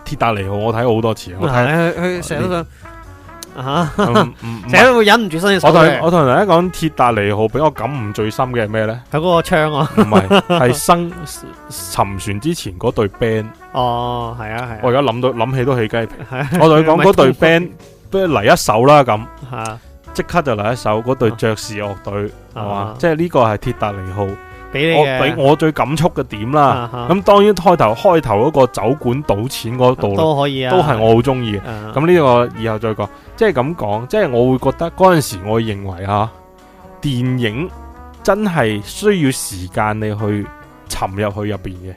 鐵達尼號我睇好多次，我睇佢成日都成日都會忍唔住伸手。我同我同大家講鐵達尼號俾我感悟最深嘅係咩咧？係嗰個窗啊，唔係係生沉船之前嗰對 band。哦，係啊，係啊。我而家諗到諗起都起雞皮。我同你講嗰對 band，不如嚟一首啦咁，即刻就嚟一首嗰對爵士樂隊，係嘛？即係呢個係鐵達尼號俾你俾我最感觸嘅點啦。咁當然開頭開頭嗰個酒館賭錢嗰度都可以啊，都係我好中意嘅。咁呢個以後再講。即係咁講，即係我會覺得嗰陣時，我認為吓電影真係需要時間你去。沉入去入邊嘅，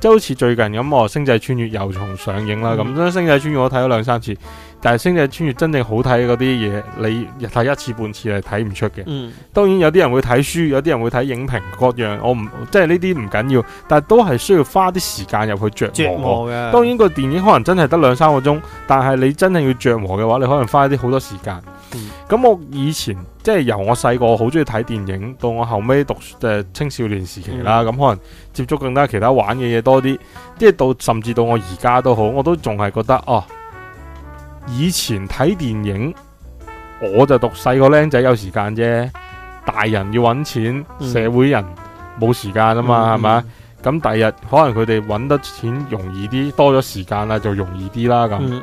即係好似最近咁，我《星際穿越》又重上映啦。咁、嗯《星際穿越》我睇咗兩三次，但係《星際穿越》真正好睇嗰啲嘢，你睇一次半次係睇唔出嘅。嗯、當然有啲人會睇書，有啲人會睇影評，各樣我唔即係呢啲唔緊要，但係都係需要花啲時間入去琢磨。當然個電影可能真係得兩三個鐘，但係你真係要琢磨嘅話，你可能花一啲好多時間。咁、嗯、我以前即係由我細個好中意睇電影，到我後尾讀誒、就是、青少年時期啦，咁、嗯、可能接觸更加其他玩嘅嘢多啲，即係到甚至到我而家都好，我都仲係覺得哦，以前睇電影我就讀細個僆仔有時間啫，大人要揾錢，嗯、社會人冇時間啊嘛，係咪啊？咁第日可能佢哋揾得錢容易啲，多咗時間啦，就容易啲啦咁。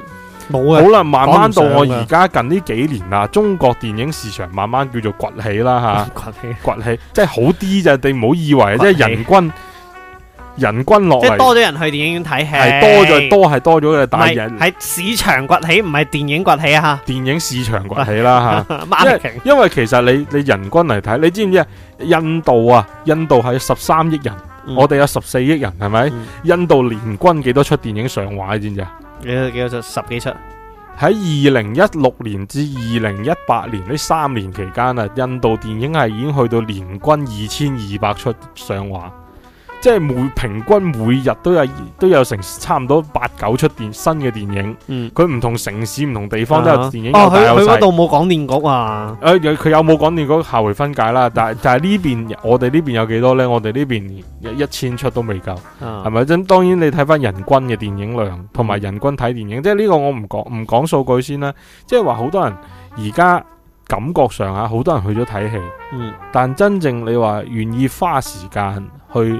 好啦，慢慢到我而家近呢幾年啦，中國電影市場慢慢叫做崛起啦吓，崛起崛起，即係好啲就，你唔好以為即係人均人均落，即係多咗人去電影院睇戲，係多咗，多係多咗嘅，但係，喺市場崛起唔係電影崛起啊吓，電影市場崛起啦吓，因為因為其實你你人均嚟睇，你知唔知啊？印度啊，印度係十三億人，我哋有十四億人，係咪？印度年均幾多出電影上畫你知唔知啊？幾多幾多出？十幾出？喺二零一六年至二零一八年呢三年期間啊，印度電影係已經去到年均二千二百出上畫。即係每平均每日都有都有成差唔多八九出電新嘅電影，佢唔、嗯、同城市唔同地方、啊、都有電影、啊、有大有曬，哦，佢佢度冇廣電局啊？誒、啊，佢有冇廣電局下回分解啦？嗯、但係但係呢邊我哋呢邊有幾多呢？我哋呢邊一千出都未夠，係咪、啊？咁當然你睇翻人均嘅電影量，同埋人均睇電影，即係呢個我唔講唔講數據先啦。即係話好多人而家感覺上吓、啊，好多人去咗睇戲，嗯，但真正你話願意花時間去。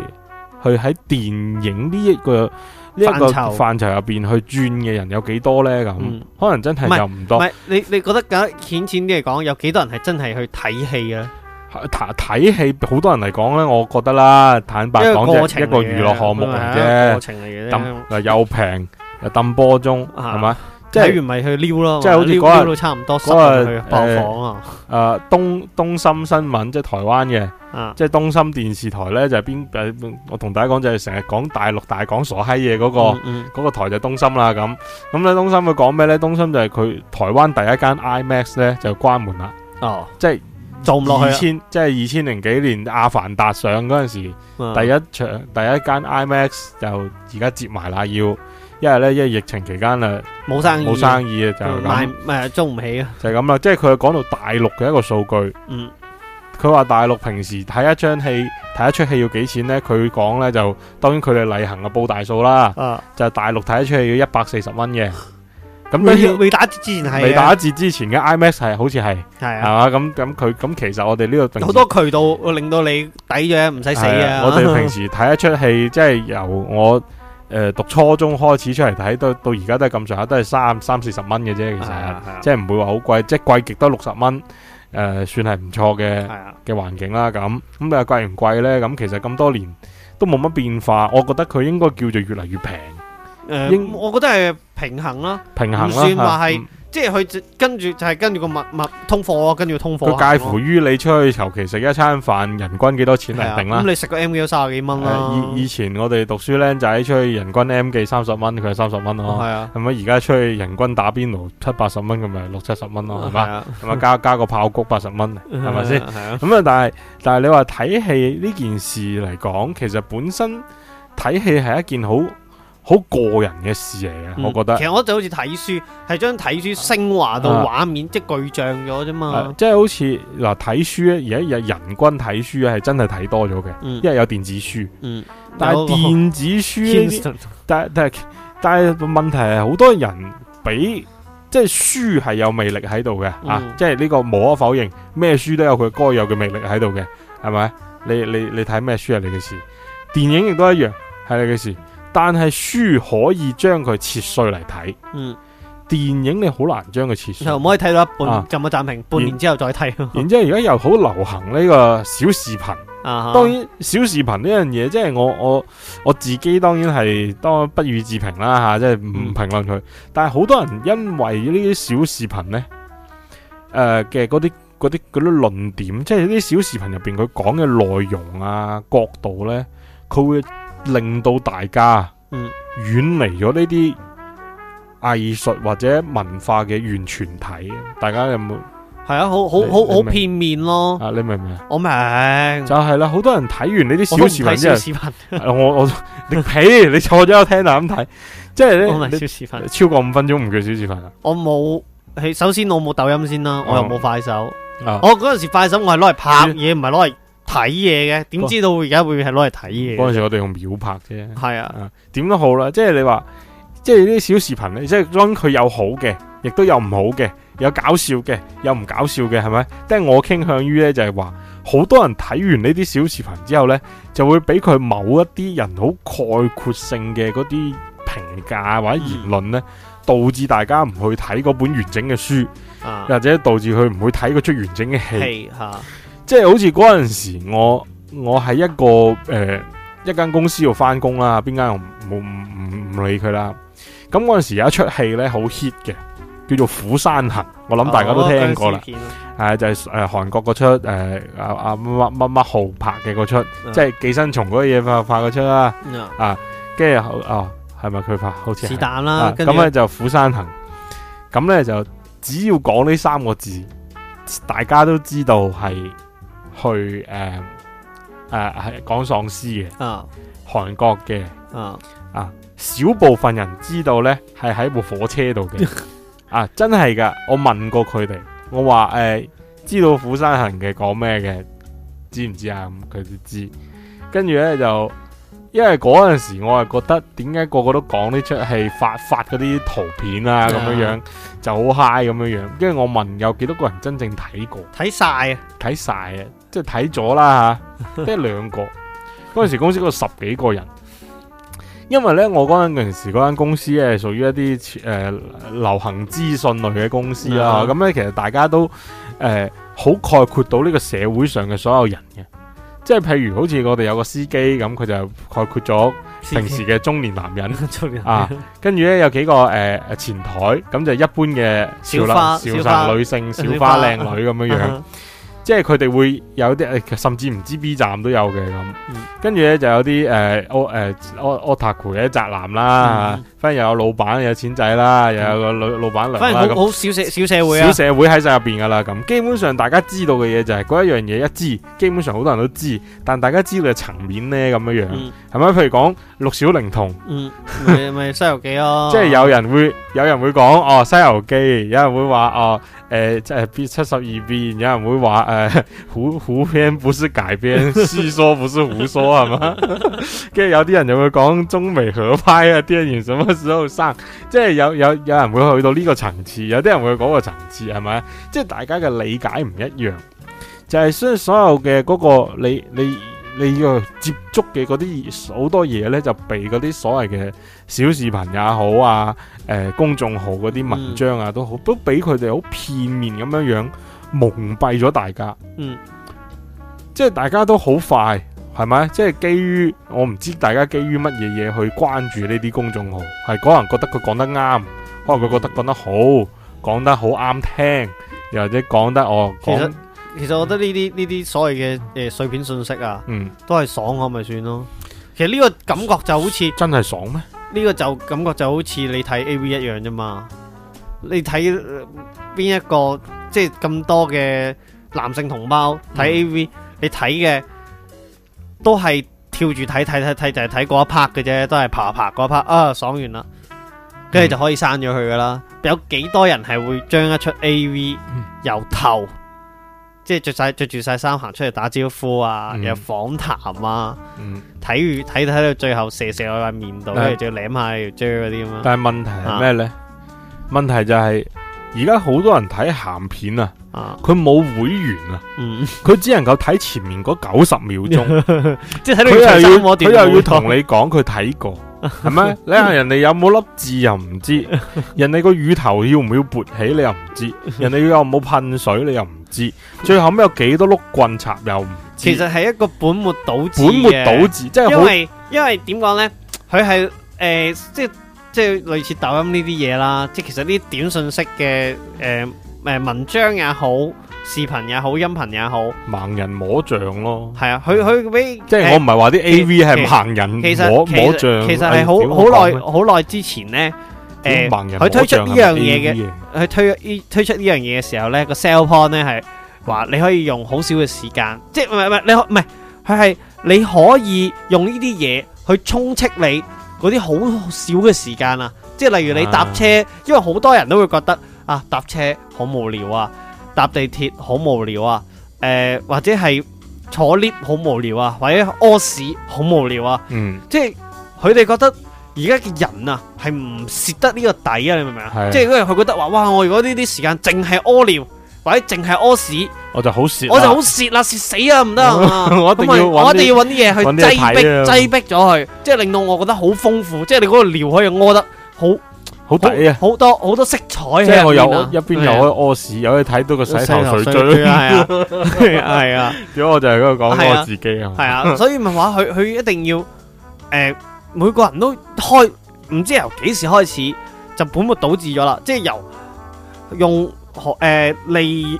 去喺電影呢、這、一個呢一、這個範疇入邊去轉嘅人有幾多咧？咁、嗯、可能真係又唔多。唔係你你覺得簡淺啲嚟講，有幾多，多人係真係去睇戲啊？睇戲好多人嚟講咧，我覺得啦，坦白講，一個娛樂項目嚟嘅，過程嚟嘅，又平又抌波鐘係嘛。啊是睇、就是、完咪去撩咯，即係好似嗰日，撩到差唔多，嗰日爆房啊！誒、呃，東東森新聞，即、就、係、是、台灣嘅，即係、啊、東森電視台咧，就邊、是、誒，我同大家講就係成日講大陸大講傻閪嘢嗰個，嗰、嗯嗯、個台就東森啦。咁咁咧，東森佢講咩咧？東森就係佢台灣第一間 IMAX 咧，就關門啦。哦，即係做唔落去，二千即係二千零幾年《阿凡達》上嗰陣時候，第一場、啊、第一間 IMAX 就而家接埋啦，要。因為咧，因為疫情期間啦，冇生意，冇生意啊，就買、是，誒，租唔起啊，就係咁啦。即係佢講到大陸嘅一個數據，嗯，佢話大陸平時睇一張戲、睇一齣戲要幾錢呢？佢講呢，就，當然佢哋例行嘅報大數啦，啊、就係大陸睇一齣戲要一百四十蚊嘅，咁未未打折之前係、啊，未打折之前嘅 IMAX 係好似係，係啊，咁咁佢咁其實我哋呢個好多渠道會令到你抵咗唔使死啊，啊。我哋平時睇一齣戲，即係由我。誒、呃、讀初中開始出嚟睇，到而家都係咁上下，都係三三四十蚊嘅啫，其實、啊啊、即係唔會話好貴，即係貴極都六十蚊，算係唔錯嘅嘅、啊、環境啦。咁咁你貴唔貴呢？咁其實咁多年都冇乜變化，我覺得佢應該叫做越嚟越平。呃、應我覺得係平衡啦、啊，平衡啦、啊，唔算話係。嗯即係佢跟住就係跟住個物物通貨咯、啊，跟住通貨、啊。佢介乎於你出去求其食一餐飯，人均幾多錢嚟，定啦？咁、啊嗯、你食個 M 記三十幾蚊啦、啊啊、以以前我哋讀書僆仔出去人均 M 記三十蚊，佢係三十蚊咯。係啊。咁啊，而家出去人均打邊爐七八十蚊，咁咪六七十蚊咯，係嘛？咁啊，啊加加個炮谷，八十蚊，係咪先？咁啊，啊嗯、但係但係你話睇戲呢件事嚟講，其實本身睇戲係一件好。好個人嘅事嚟嘅，嗯、我覺得。其實我就好似睇書，係將睇書升華到畫面，啊、即係巨像咗啫嘛。即係、啊就係、好似嗱睇書，而家日人均睇書係真係睇多咗嘅，嗯、因為有電子書。嗯、但係電子書，那個、但係但係但係個問題係好多人俾，即、就、係、係、書係有魅力喺度嘅吓，即係呢個無可否認，咩書都有佢該有嘅魅力喺度嘅，係咪？你你你睇咩書係、啊、你嘅事，電影亦都一樣係你嘅事。但係書可以將佢切碎嚟睇，嗯，電影你好難將佢切碎，唔可以睇到一半就冇暫停，半年之後再睇。然之後而家 又好流行呢個小視頻，啊、哈當然小視頻呢樣嘢，即係我我我自己當然係當不予置評啦吓，即係唔評論佢。嗯、但係好多人因為呢啲小視頻呢，誒嘅嗰啲嗰啲嗰啲論點，即係啲小視頻入邊佢講嘅內容啊角度呢，佢會。令到大家遠離咗呢啲藝術或者文化嘅完全體，大家有冇？係啊，好好好你好片面咯。啊，你明唔明啊？我明就係啦，好多人睇完呢啲小視頻之後，我我，我，我你皮 你坐咗我聽啊咁睇，即係咧。我咪小視頻超過五分鐘唔叫小視頻啊。我冇，首先我冇抖音先啦，我又冇快手。嗯啊、我嗰陣時快手我係攞嚟拍嘢，唔係攞嚟。睇嘢嘅，點知道而家會係攞嚟睇嘢？嗰陣時我哋用秒拍啫。係啊，點都好啦，即係你話，即係呢啲小視頻咧，即係當佢有好嘅，亦都有唔好嘅，有搞笑嘅，有唔搞笑嘅，係咪？但係我傾向於咧就係話，好多人睇完呢啲小視頻之後咧，就會俾佢某一啲人好概括性嘅嗰啲評價或者言論咧，嗯、導致大家唔去睇嗰本完整嘅書，啊、或者導致佢唔會睇嗰出完整嘅戲吓。即係好似嗰陣時候我，我我喺一個誒、呃、一間公司度翻工啦。邊間我唔冇唔唔理佢啦。咁嗰陣時候有一出戲咧，好 hit 嘅，叫做《釜山行》。我諗大家都聽過啦，係、哦那個啊、就係誒韓國嗰出誒阿阿乜乜乜豪拍嘅嗰出，即係寄生蟲嗰啲嘢拍拍出啦啊。跟住、嗯啊、哦，係咪佢拍？好似是但啦。咁咧、啊、著就《釜山行》呢，咁咧就只要講呢三個字，大家都知道係。去誒誒係講喪屍嘅，啊，韓國嘅，啊啊，小部分人知道咧係喺部火車度嘅， 啊，真係噶，我問過佢哋，我話誒、呃知，知，知，啊、知道《釜山行》嘅講咩嘅，知唔知啊？佢都知，跟住咧就。因為嗰陣時我係覺得點解個個都講呢出戲發發嗰啲圖片啊咁樣樣就好嗨。咁樣樣，跟住 Yeah. 我問有幾多個人真正睇過？睇晒啊！睇晒啊！即係睇咗啦吓，即係兩個。嗰陣時公司個十幾個人，因為呢，我嗰陣時嗰間公司係屬於一啲誒、呃、流行資訊類嘅公司啊，咁咧 Yeah.、嗯、其實大家都誒好、呃、概括到呢個社會上嘅所有人嘅。即係譬如好似我哋有個司機咁，佢就概括咗平時嘅中年男人，人啊，跟住咧有幾個、呃、前台咁就一般嘅小，小花小女性小花靚女咁樣花即係佢哋會有啲、哎、甚至唔知 B 站都有嘅咁，跟住咧就有啲誒惡誒惡 Otaku 嘅宅男啦、嗯反正又有老闆有錢仔啦，嗯、又有個老老闆娘好那好小社小社會啊。小社會喺晒入邊噶啦咁。基本上大家知道嘅嘢就係、是、嗰一樣嘢一知，基本上好多人都知。但大家知道嘅層面咧咁樣樣，係咪、嗯。譬如講六小齡童，咪、嗯、西遊記咯、啊。即係 有人會有人會講哦西遊記，有人會話哦誒即係七十二變，有人會話誒、呃，虎虎片不是假片，是 說不是胡說係嘛？跟住 有啲人就會講中美合拍啊，啲人。所生，即係 有有有人會去到呢個層次，有啲人會去嗰個層次係咪？即係、就是、大家嘅理解唔一樣，就係、是、所所有嘅嗰、那個你你你要接觸嘅嗰啲好多嘢呢，就被嗰啲所謂嘅小視頻也好啊，誒、呃、公眾號嗰啲文章啊都好，嗯、都俾佢哋好片面咁樣樣蒙蔽咗大家。嗯，即、就、係、是、大家都好快。係咪？即係基於我唔知大家基於乜嘢嘢去關注呢啲公眾號？係嗰人覺得佢講得啱，可能佢覺得講得好，講得好啱聽，又或者講得哦。其實其實我覺得呢啲呢啲所謂嘅誒碎片信息啊，嗯，都係爽咁咪算咯。其實呢個感覺就好似真係爽咩？呢個就感覺就好似你睇 AV 一樣啫嘛。你睇邊一個即係咁多嘅男性同胞睇 AV，你睇嘅。都係跳住睇睇睇睇，就係睇嗰一 part 嘅啫，都係爬爬嗰 part 啊，爽完啦，跟住就可以刪咗佢噶啦。嗯、有幾多人係會將一出 AV、嗯、由頭，即係着晒着住晒衫行出嚟打招呼啊，又、嗯、訪談啊，睇睇睇到最後射射落面度，跟住是就舐下條脷嗰啲咁啊。但係問題係咩呢？問題就係、是。而家好多人睇鹹片啊，佢冇會員啊，佢、嗯、只能夠睇前面嗰九十秒鐘，即係睇到佢又要同你講佢睇過，係咪？ 你話人哋有冇粒字又唔知， 人哋個乳頭要唔要撥起你又唔知， 人哋有有又冇噴水你又唔知，最後尾有幾多碌棍插又唔知？其實係一個本末倒置，本末倒置，即係因為因為點講咧？佢係誒，即係。即係類似抖音呢啲嘢啦，即係其實呢啲短信息嘅誒、誒、文章也好，視頻也好，音頻也好，盲人摸象咯。係啊，佢佢俾即係我唔係話啲 AV 係盲人摸摸象，其實係好好耐好耐之前咧，誒、盲人，佢推出呢樣嘢嘅，佢推推出呢樣嘢嘅時候咧，個 sell point 咧係話你可以用好少嘅時間，即係唔係唔係，你唔係佢係你可以用呢啲嘢去充斥你。嗰啲好少嘅時間啊，即係例如你搭車，啊、因為好多人都會覺得啊，搭車好無聊啊，搭地鐵好無聊啊，誒、呃、或者係坐 lift 好無聊啊，或者屙屎好無聊啊，嗯，即係佢哋覺得而家嘅人啊係唔蝕得呢個底啊，你明唔明啊？是 即係因佢覺得話，哇！我如果呢啲時間淨係屙尿。淨係屙屎，我就好蝕，我就好蝕啦，蝕死啊，唔得，我一定要，我一定要搵啲嘢去擠逼，擠逼咗佢，即係令到我覺得好豐富，即係你嗰個尿可以屙得，啊、好，好抵啊，好多好多色彩。即係我又一邊又可以屙屎，又可以睇到個洗頭水樽。係啊，係啊，主要，啊、我就喺度講我自己啊。係啊，啊，所以咪話佢，佢一定要誒、呃，每個人都開，唔知由幾時開始就本末倒置咗啦，即係由用。學誒，你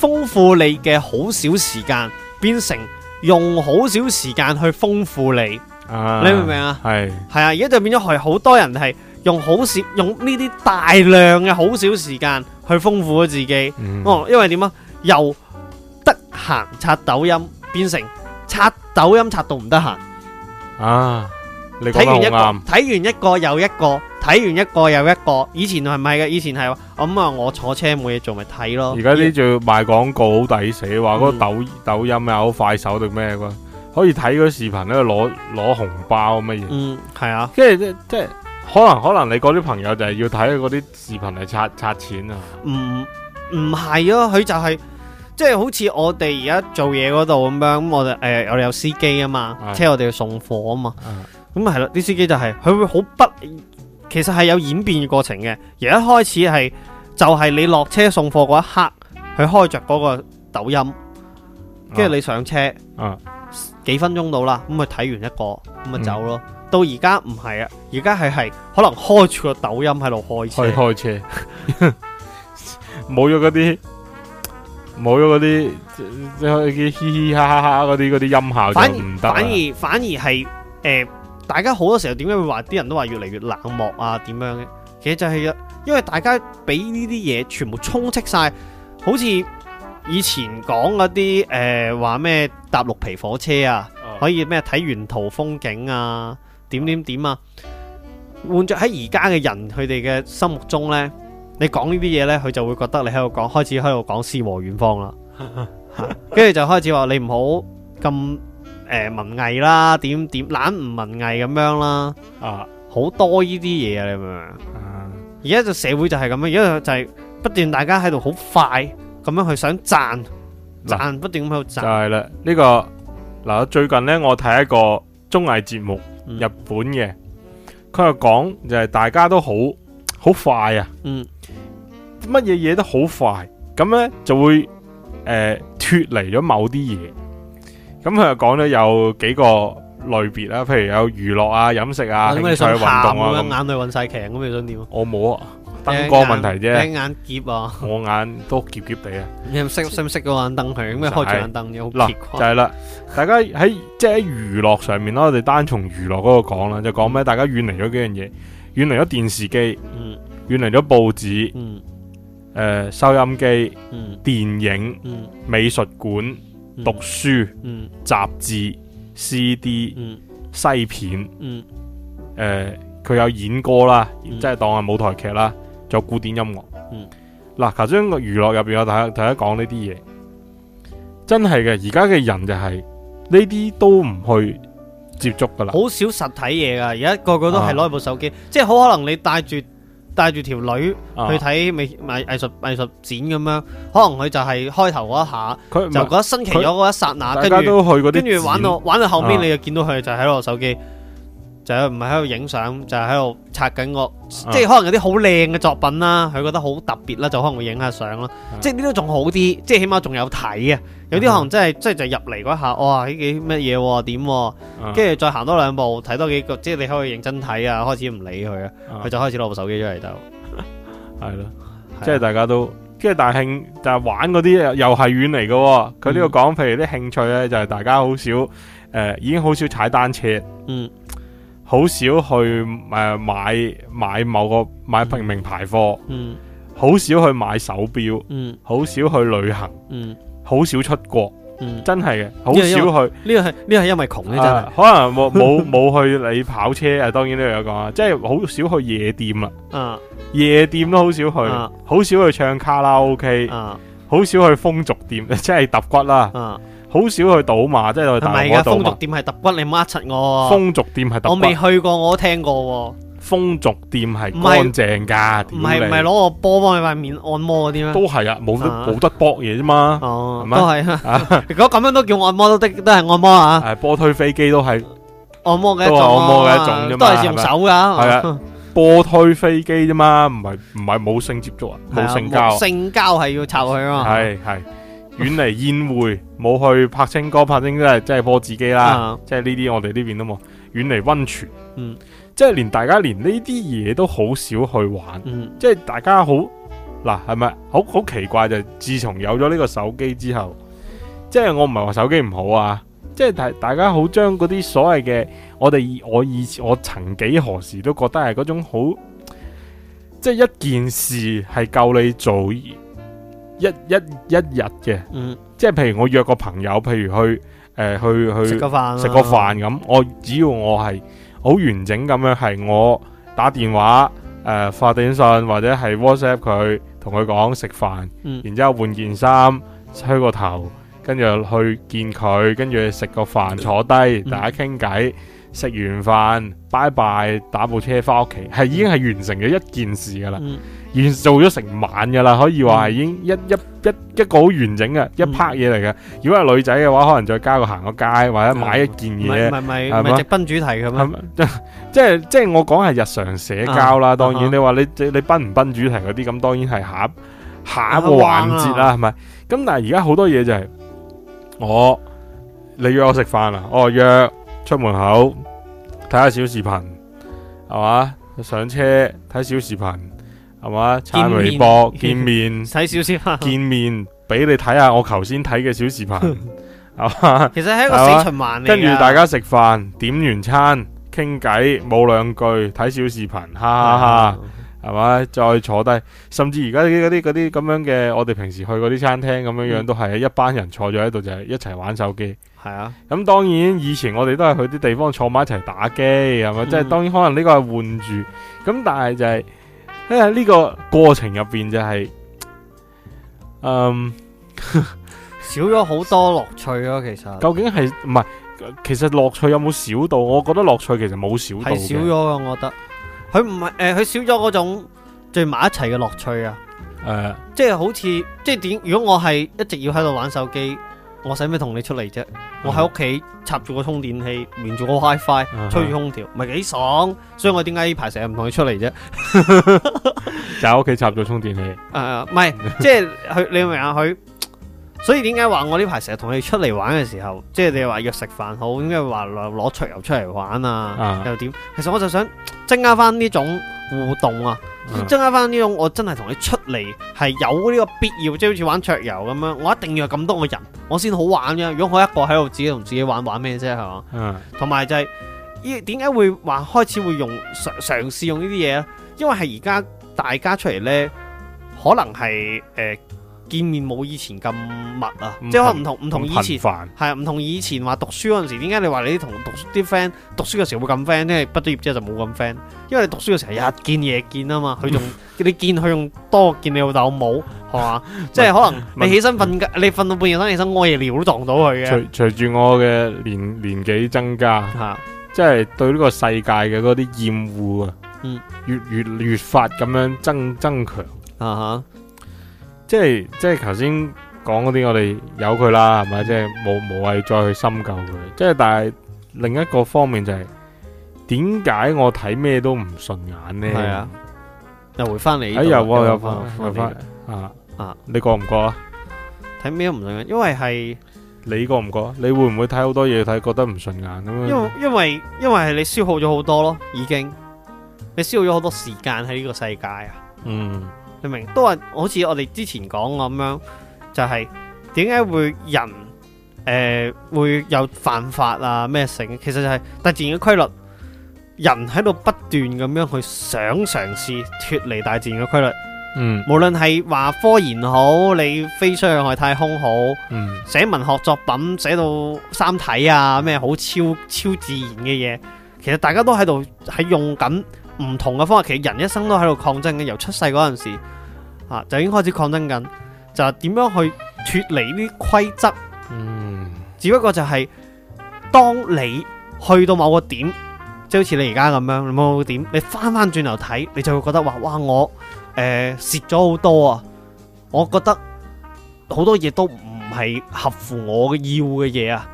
豐富你嘅好少時間，變成用好少時間去豐富你，你明唔明啊？係係啊，而家就變咗係好多人係用好少用呢啲大量嘅好少時間去豐富咗自己。哦，因為點啊？由得閒刷抖音，變成刷抖音刷到唔得閒啊！睇完一個，睇完一個又一個。睇完一個又一個，以前係唔係嘅？以前係咁啊，我坐車冇嘢做，咪睇咯。而家呢，仲要賣廣告，好抵死，話嗰個抖抖音啊，好快手定咩嘅，可以睇嗰啲視頻嚟攞攞紅包乜嘢。嗯，係啊，即係即即係可能可能你嗰啲朋友就係要睇嗰啲視頻嚟刷刷錢啊？唔唔係咯，佢就係即係好似我哋而家做嘢嗰度咁樣，咁我哋誒、呃、我哋有司機啊嘛，的車我哋要送貨啊嘛，咁係啦，啲、嗯嗯、司機就係、是、佢會好不，不。其實係有演變嘅過程嘅，而一開始係就係、是、你落車送貨嗰一刻，佢開着嗰個抖音，跟住、啊、你上車，啊、幾分鐘到啦，咁佢睇完一個，咁咪走咯。嗯、到而家唔係啊，而家係係可能開住個抖音喺度開車，開開車，冇咗嗰啲，冇咗嗰啲，嘻嘻哈哈嗰啲啲音效就唔得，反而反而反而係誒。呃大家好多時候點解會話啲人都話越嚟越冷漠啊？點樣嘅？其實就係啊，因為大家俾呢啲嘢全部充斥晒，好似以前講嗰啲誒話咩搭綠皮火車啊，可以咩睇沿途風景啊，點點點啊，換着喺而家嘅人，佢哋嘅心目中呢，你講呢啲嘢呢，佢就會覺得你喺度講，開始喺度講詩和遠方啦，跟住 就開始話你唔好咁。誒、呃，文藝啦，點點懶唔文藝咁樣啦，啊，好多呢啲嘢啊，你明唔明？而家就社會就係咁樣，而家就係不斷大家喺度好快咁樣去想賺賺、啊，不斷咁喺度賺。係啦，呢、這個嗱最近咧，我睇一個綜藝節目，嗯、日本嘅，佢又講就係大家都好好快啊，嗯，乜嘢嘢都好快，咁咧就會誒脫離咗某啲嘢。咁佢又講咗有幾個類別啦，譬如有娛樂啊、飲食啊、咁你興趣運動啊咁。眼度運晒劇咁，你想點？我冇啊，燈光問題啫。眼夾啊，我眼都夾夾地啊。你識識唔識個眼燈佢？咁樣開住眼燈又好結棍。就係啦，大家喺即係喺娛樂上面啦，我哋單從娛樂嗰度講啦，就講咩？大家遠離咗幾樣嘢，遠離咗電視機，嗯，遠離咗報紙，嗯，誒，收音機，嗯，電影，嗯，美術館。讀書、雜誌、CD、西片，誒、嗯，佢、呃、有演歌啦，嗯、即係當係舞台劇啦，仲有古典音樂。嗱、嗯，頭先個娛樂入邊，大家大家講呢啲嘢，真係嘅。而家嘅人就係呢啲都唔去接觸噶啦，好少實體嘢噶。而家個個都係攞部手機，啊、即係好可能你帶住。帶住條女去睇美術藝術藝術展咁樣，可能佢就係開頭嗰一下，不就覺得新奇咗嗰一剎那，他跟住著玩到玩到後邊，你就見到佢就喺度手機、啊，就唔係喺度影相，就係喺度刷緊個，啊、即係可能有啲好靚嘅作品啦，佢覺得好特別啦，就可能會影下相咯、啊，即係呢啲都仲好啲，即係起碼仲有睇啊。有啲可能真係，即係就，是就是入嚟嗰下，哇！呢幾乜嘢？點、啊？跟住、啊、再行多兩步，睇多幾個，即係你可以認真睇啊！開始唔理佢啊，佢就開始攞部手機出嚟就係咯。即係大家都，跟住但係但係玩嗰啲又係遠嚟喎、哦。佢呢個講，嗯、譬如啲興趣咧，就係大家好少誒、呃，已經好少踩單車，嗯，好少去誒、呃、買買某個買平名牌貨，嗯，好少去買手表，嗯，好少去旅行，嗯。好少出國，嗯，真係嘅，好少去。呢個係呢個係因為窮咧，真係。可能冇冇冇去你跑車啊，當然呢度有講啊，即係好少去夜店啦。嗯，夜店都好少去，好少去唱卡拉 OK。嗯，好少去風俗店，即係揼骨啦。嗯，好少去賭馬，即係賭嗰度。唔係噶，風俗店係揼骨，你咪柒我。風俗店係揼骨，我未去過，我都聽過。風俗店係乾淨噶？唔係唔係攞個波幫你塊面按摩嗰啲咩？都係啊，冇得冇得搏嘢啫嘛。哦，都係啊。如果咁樣都叫按摩，都的都係按摩啊。係波推飛機都係按摩嘅一種。都係按摩嘅一種啫嘛。都係用手噶。係啊，波推飛機啫嘛，唔係唔係冇性接觸啊，冇性交。性交係要湊佢啊。係係，遠離宴會，冇去拍清歌拍清歌即係即係波自己啦，即係呢啲我哋呢邊啊嘛。遠離溫泉。嗯。即係連大家連呢啲嘢都好少去玩，嗯、即係大家好嗱，係咪好好奇怪？就自從有咗呢個手機之後，即係我唔係話手機唔好啊！即係大大家好將嗰啲所謂嘅我哋我以前我，我曾幾何時都覺得係嗰種好，即係一件事係夠你做一一一日嘅。嗯，即係譬如我約個朋友，譬如去誒、呃、去去食個飯，食個飯咁。我只要我係。好完整咁樣係我打電話，誒、呃、發短信或者係 WhatsApp 佢，同佢講食飯，嗯、然之後換件衫，吹個頭，跟住去見佢，跟住食個飯，坐低大家傾偈，食、嗯、完飯拜拜，打部車翻屋企，係已經係完成咗一件事噶啦。嗯現做咗成晚噶啦，可以話係已經一一一一個好完整嘅一 part 嘢嚟嘅。如果係女仔嘅話，可能再加個行個街或者買一件嘢，唔係唔係唔係直奔主題噶嘛？即即即我講係日常社交啦。當然你話你你奔唔奔主題嗰啲咁，當然係下下一個環節啦，係咪？咁但係而家好多嘢就係我你約我食飯啊，我約出門口睇下小視頻，係嘛上車睇小視頻。係嘛？刷微博、見面睇少少，頻、見面俾面 你睇下我頭先睇嘅小視頻， 係係其實係一個死循環。跟住大家食飯，點完餐，傾偈冇兩句，睇小視頻，哈哈哈，係咪？ 再坐低，甚至而家嗰啲啲咁樣嘅，我哋平時去嗰啲餐廳咁樣樣都係一班人坐咗喺度，就係一齊玩手機。係啊，咁當然以前我哋都係去啲地方坐埋一齊打機，係嘛？即係、嗯、當然可能呢個係換住，咁但係就係、係。因為呢個過程入邊就係、是，嗯，少咗好多樂趣咯。其實究竟係唔係？其實樂趣有冇少到？我覺得樂趣其實冇少，係少咗噶。我覺得佢唔係誒，佢、呃、少咗嗰種聚埋一齊嘅樂趣啊。誒、嗯，即係好似即係點？如果我係一直要喺度玩手機。我使咩同你出嚟啫？我喺屋企插住個充電器，連住個 WiFi，吹住空調，唔係幾爽？所以我點解呢排成日唔同你出嚟啫？ 就喺屋企插咗充電器。誒 、呃，唔係，即係佢，你明唔明啊？佢。所以點解話我呢排成日同你出嚟玩嘅時候，即係你話約食飯好，點解話攞桌遊出嚟玩啊？嗯、又點？其實我就想增加翻呢種互動啊，增加翻呢種我真係同你出嚟係有呢個必要，即係好似玩桌遊咁樣，我一定要咁多個人，我先好玩嘅。如果我一個喺度自己同自己玩，玩咩啫？係嘛？嗯、就是。同埋就係依點解會話開始會用嘗試用呢啲嘢咧？因為係而家大家出嚟呢，可能係誒。呃見面冇以前咁密啊，即係可能唔同唔同以前，係啊，唔同以前話讀書嗰陣時，點解你話你同讀書啲 friend 讀書嘅時候會咁 friend，因為畢咗業之後就冇咁 friend，因為你讀書嘅時候日見夜見啊嘛，佢仲你見佢仲多見你老豆老母，係嘛，即係可能你起身瞓你瞓到半夜起身屙夜尿都撞到佢嘅。隨隨住我嘅年年紀增加，吓，即係對呢個世界嘅嗰啲厭惡啊，越越越發咁樣增增強啊哈。即係即係，頭先講嗰啲我哋有佢啦，係咪？即係冇冇謂再去深究佢。即係但係另一個方面就係、是，點解我睇咩都唔順眼呢？係啊，又回翻你，哎呀，又又翻啊啊！你覺唔覺啊？睇咩都唔順眼，因為係你覺唔覺？你會唔會睇好多嘢，睇覺得唔順眼咁啊？因為因為因為係你消耗咗好多咯，已經你消耗咗好多時間喺呢個世界啊。嗯。明都係好似我哋之前講咁樣，就係點解會人誒、呃、會有犯法啊咩成？其實就係大自然嘅規律，人喺度不斷咁樣去想嘗試脱離大自然嘅規律。嗯，無論係話科研好，你飛出去外太空好，寫、嗯、文學作品寫到三體啊咩好超超自然嘅嘢，其實大家都喺度喺用緊。唔同嘅方法，其實人一生都喺度抗爭嘅，由出世嗰陣時啊，就已經開始抗爭緊，就係點樣去脫離呢啲規則。嗯，只不過就係當你去到某個點，即好似你而家咁樣，某個點，你翻翻轉頭睇，你就會覺得話：哇，我誒蝕咗好多啊！我覺得好多嘢都唔係合乎我嘅要嘅嘢啊。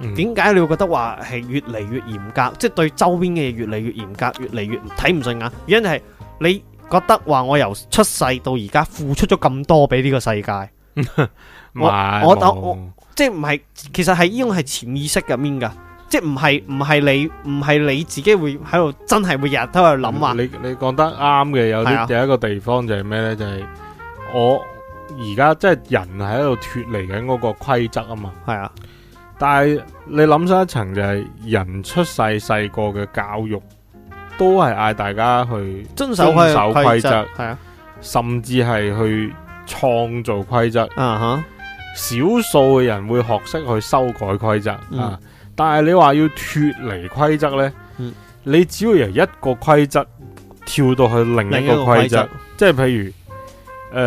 點解你會覺得話係越嚟越嚴格，即係對周邊嘅嘢，越嚟越嚴格，越嚟越睇唔順眼？原因就係你覺得話，我由出世到而家付出咗咁多俾呢個世界， 我我沒有 我即係唔係，其實係呢種係潛意識入面噶，即係唔係唔係你唔係你自己會喺度真係會日日都喺度諗啊？嗯、你你講得啱嘅有啲。是啊、有一個地方就係咩呢？就係我而家即係人係喺度脫離緊嗰個規則啊嘛，係啊。但係你諗深一層，就係人出世細個嘅教育，都係嗌大家去遵守規則，守規則係，啊、甚至係去創造規則。嗯，少數嘅人會學識去修改規則、嗯、啊，但係你話要脫離規則呢？嗯、你只要由一個規則跳到去另一個規則，規則即係譬如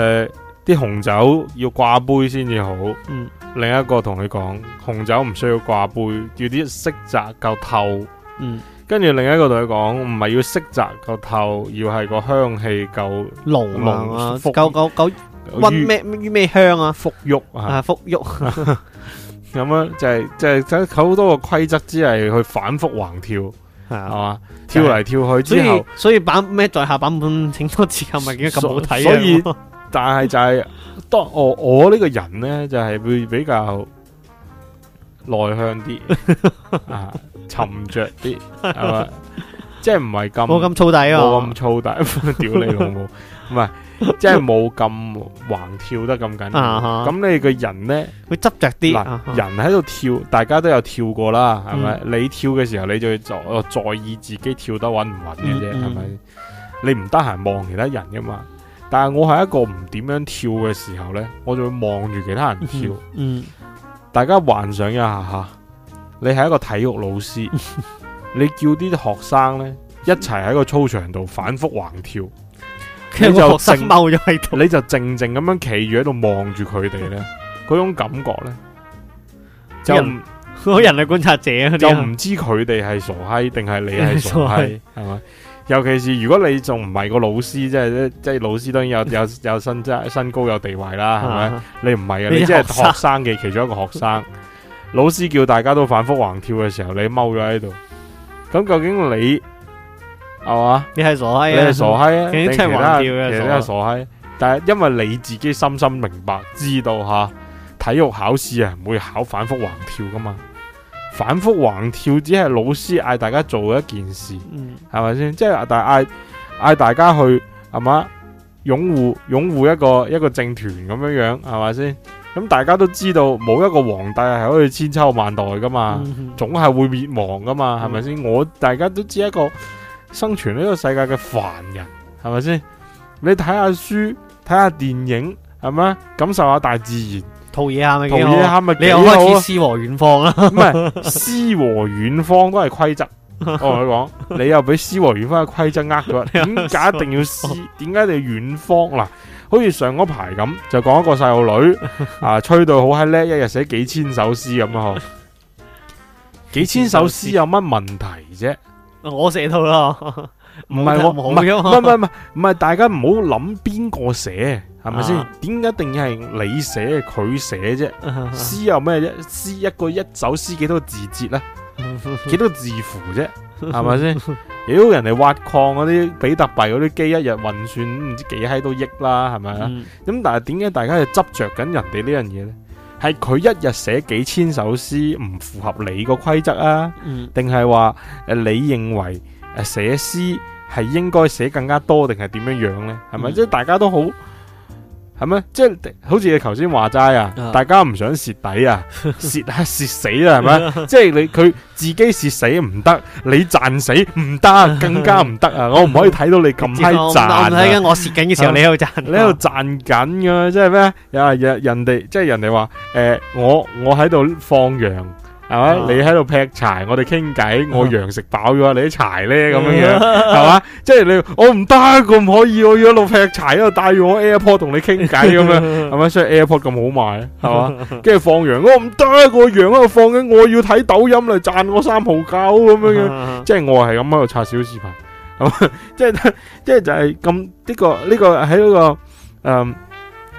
啲、呃、紅酒要掛杯先至好。嗯另一個同佢講，紅酒唔需要掛杯，要啲色澤夠透。嗯，跟住另一個同佢講，唔係要色澤夠透，要係個香氣夠濃濃啊，夠夠夠溫咩咩香啊，馥郁啊，馥郁咁樣就係就係好多個規則之係去反覆橫跳係嘛，跳嚟跳去之後，所以版咩在下版本請多次，係咪點解咁好睇啊？所以但係就係。當我我呢個人咧，就係會比較內向啲啊，沉着啲係咪？即係唔係咁冇咁燥底，冇咁燥底，屌你老母，唔係即係冇咁橫跳得咁緊。咁你個人咧會執着啲人喺度跳，大家都有跳過啦，係咪？你跳嘅時候，你就要在在意自己跳得穩唔穩嘅啫，係咪？你唔得閒望其他人噶嘛。但係我係一個唔點樣跳嘅時候呢，我就會望住其他人跳。嗯，嗯，大家幻想一下吓，你係一個體育老師， 你叫啲學生呢一齊喺個操場度反復橫跳，的你就靜，在這裡你就靜靜咁樣企住喺度望住佢哋呢。嗰種感覺呢，就嗰人類觀察者，就唔知佢哋係傻閪定係你係傻閪，係咪？尤其是如果你仲唔係個老師，即係即係老師當然有有有，有身身高有地位啦，係咪？ 你唔係啊，你即係學生嘅其中一個學生。 老師叫大家都反覆橫跳嘅時候，你踎咗喺度。咁究竟你係咪？你係傻閪，你係傻閪。你傻其他其他傻閪，但係因為你自己深深明白知道吓、啊，體育考試啊唔會考反覆橫跳噶嘛。反復橫跳只係老師嗌大家做一件事，係咪先？即係啊，嗌、就、嗌、嗌、大家去係嘛？擁護擁護一個一個政團咁樣樣，係咪先？咁大家都知道冇一個皇帝係可以千秋萬代噶嘛，嗯嗯、總係會滅亡噶嘛，係咪先？我大家都知一個生存呢個世界嘅凡人，係咪先？你睇下書，睇下電影，係咪？感受下大自然。套嘢喊咪幾嘢？你又開始詩和遠方啦？唔係詩和遠方都係規則。我同你講，你又俾詩和遠方嘅規則呃咗。點解一定要詩？點解你遠方？嗱、啊，好似上嗰排咁，就講一個細路女啊，吹到好閪叻，一日寫幾千首詩咁啊！幾千首詩有乜問題啫？ 我寫到咯，唔係我唔係唔係唔係唔係，大家唔好諗邊個寫。係咪先？點解、啊、一定要係你寫佢寫啫？詩、啊啊、又咩啫？詩一個一首詩幾多字節咧？幾 多字符啫？係咪先？妖 人哋挖礦嗰啲比特幣嗰啲機一日運算唔知幾閪多億啦，係咪啊？咁、嗯、但係點解大家就執着緊人哋呢樣嘢咧？係佢一日寫幾千首詩唔符合你個規則啊？定係話誒，你認為誒寫詩係應該寫更加多定係點樣樣咧？係咪即係大家都好？係咩？即係好似你頭先話齋啊，uh, 大家唔想蝕底啊，蝕 啊蝕死啦，啊，係咪？Yeah. 即係你佢自己蝕死唔得，你賺死唔得，更加唔得啊！ 我唔可以睇到你咁閪賺。我睇緊我蝕緊嘅時候， 你喺度賺。你喺度賺緊嘅，即係咩？有人人哋即係人哋話誒，我我喺度放羊。係嘛？是吧你喺度劈柴，我哋傾偈，我羊食飽咗，你啲柴咧咁樣樣，係嘛？ 即係你，我唔得，我唔可以，我要一路劈柴度帶住我，我 AirPod 同你傾偈咁樣，係咪所以 AirPod 咁好賣？係嘛？跟住 放羊，我唔得，個羊喺度放緊，我要睇抖音嚟讚我三毫九咁樣 樣。即係我係咁喺度刷小視頻，係嘛？即係即係就係咁，呢個呢個喺嗰個誒，